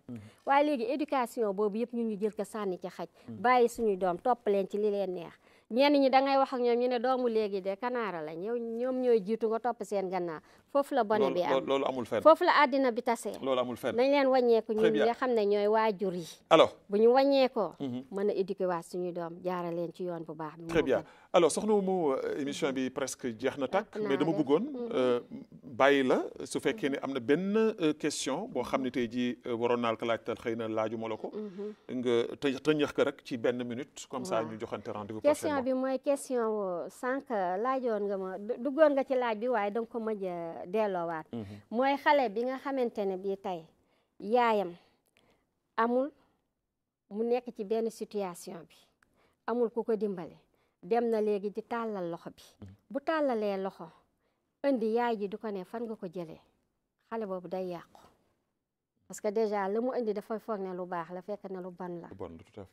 waaye léegi éducation boobu yëpp ñu ñu jël ko sànni ci xaj bàyyi suñuy doom topp leen ci li leen neex ñenn ñi da ngay wax ak ñoom ñu ne doomu léegi de kanaara la ñëw ñoom ñooy jiitu nga topp seen gannaaw foofu la bone bi am loolu amul fenn foofu la àddina bi tasee loolu amul fenn nañ leen wàññeeku ñun nga xam ne ñooy waajur yi alors bu ñu wàññeekoo mhm. mën a éduquer waat suñuy doom jaara leen ci yoon bu baax bi très bien alors euh, bi presque jeex na tàkk mais dama bëggoon mhm. euh, bàyyi la su fekkee ne mhm. am na benn euh, question boo xam ne tey jii waroon naal ko laajtal xëy na laaju ma la ko nga të tëñax rek ci benn minute comme ça ñu joxante rendez-vous question bi mooy question sànq laajoon nga ma duggoon nga ci laaj bi waaye danga ko mëj delloowaat mm-hmm. mooy xale bi nga xamante ne bii tey yaayam amul mu nekk ci benn situation bi amul ku ko dimbale dem na léegi di tàllal loxo bi mm-hmm. bu tàllalee loxo indi yaay ji du ko ne fan nga ko jëlee xale boobu day yàqu parce que déjà la mu indi dafay foog ne lu baax la fekk ne lu ban la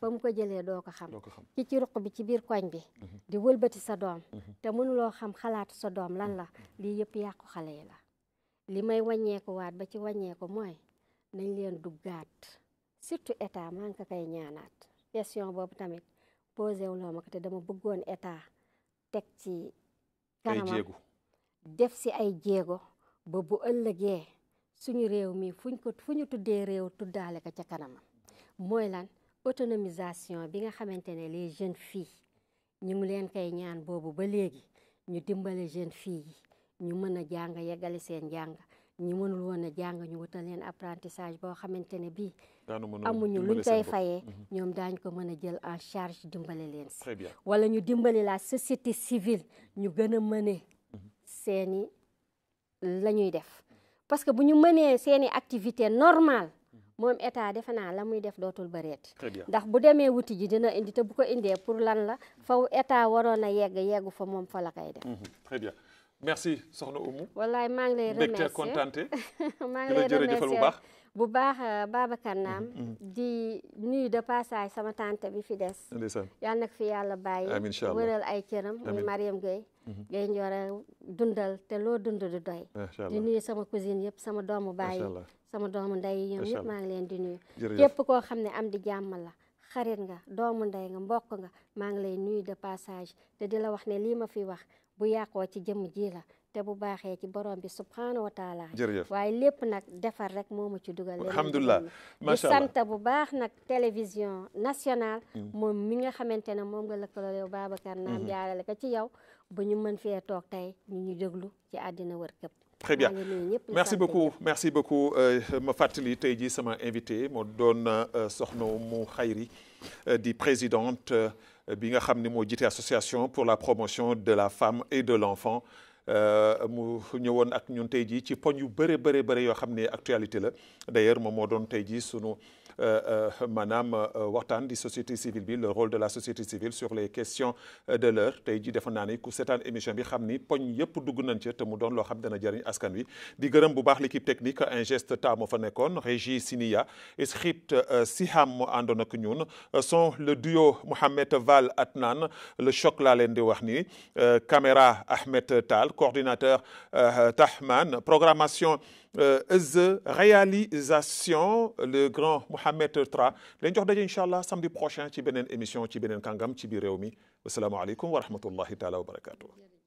ba mu ko jëlee doo ko xam ki ci ruq bi ci biir koñ bi mhm. di wëlbati sa doom mhm. te mënuloo xam xalaatu sa doom lan la mhm. lii yëpp yàqu xale la li may wàññeeku waat ba ci wàññeeku mooy nañ leen duggaat surtout état maa ngi ko koy ñaanaat question boobu tamit posé wu loo ma ko te dama bëggoon eta teg ci kanamam def si ay jéego ba bu ëllëgee suñu réew mi fuñ ko fu ñu tuddee réew tuddaale ko ca kanamam mooy lan autonomisation bi nga xamante ne les jeunes filles ñu ngi leen koy ñaan boobu ba léegi ñu dimbale jeunes filles yi ñu mën a jàng yeggale seen jàng ñu mënul woon a jàng ñu wutal leen apprentissage boo xamante ne bii amuñu luñ koy fayee mhm. ñoom daañ ko mën a jël en charge dimbale leen si wala ñu dimbale la société civile ñu gën a mëne mhm. seeni la ñuy def parce que bu ñu mënee seeni activité normal moom état defe naa la muy def dootul bëreet ndax bu demee wuti ji dina indi te bu ko indee pour lan la faw état waroon a yegg yeggu fa moom fa la koy def mhm. très merci soxna Oumou wallaay maa ngi lay remercier kontaante maa ngi lay remercier bu baax bu baax euh, Babacar Naam mhm, mhm. di nuyu de passage sama tante bi fi des yàlla nag fi yàlla bàyyi wëral ay cëram muy Mariam Gueye Mhm. ngay ñor dundal te loo dund du doy di sama cousine yëpp sama doomu baay sama doomu ndey ñoom ñëpp maa ngi leen di nuyu képp koo xam ne am di jàmm la xarit nga doomu ndey nga mbokk nga maa ngi lay nuyu de passage te di la wax ne lii ma fi wax bu yàqoo ci jëmm ji la te bu baaxee ci borom bi subhaanahu wa taala jërëjëf waaye lépp nag defar rek moo ma ci dugal alhamdulilah di sant bu baax nag télévision nationale mm. moom mi nga xamante ne moom nga lëkkaloo yow Babacar mm-hmm. naam jaarale ko ci yow ba ñu mën fee toog tey ñu ñu déglu ci àddina wër këpp merci beaucoup euh, ma fàttali tey jii sama invité moo doon euh, soxna Oumou Khayri euh, di présidente bi nga xam ni moo jitee association pour la promotion de la femme et de l'enfant mu ñëwoon ak ñun tey jii ci poñ yu bëre bëre bëre yoo xam ne actualité la d'ailleurs moom moo doon tey jii sunu Euh, euh, maanaam euh, waxtaan di société civile bi le rôle de la société civile sur les questions de l'heure tey ji defe naa ni ku seetaan émission bi xam ni poñ yëpp dugg nañ ca te mu doon loo xam dana jëriñ askan wi di gërëm bu baax l'équipe technique ingeste ta moo fa nekkoon régie Sinia script Siham moo àndoon ak ñun son le duo Mohamed Val Atnan le choc laa leen di wax ni caméra Ahmed Tal coordinateur Tahman programmation Euh, the réalisation le grand Mouhamed Tra lañ jox daje incha allah samedi prochain ci beneen émission ci beneen kàngam ci biir réew mi asalaamaaleykum wa rahmatullahi taala wa barakaatu.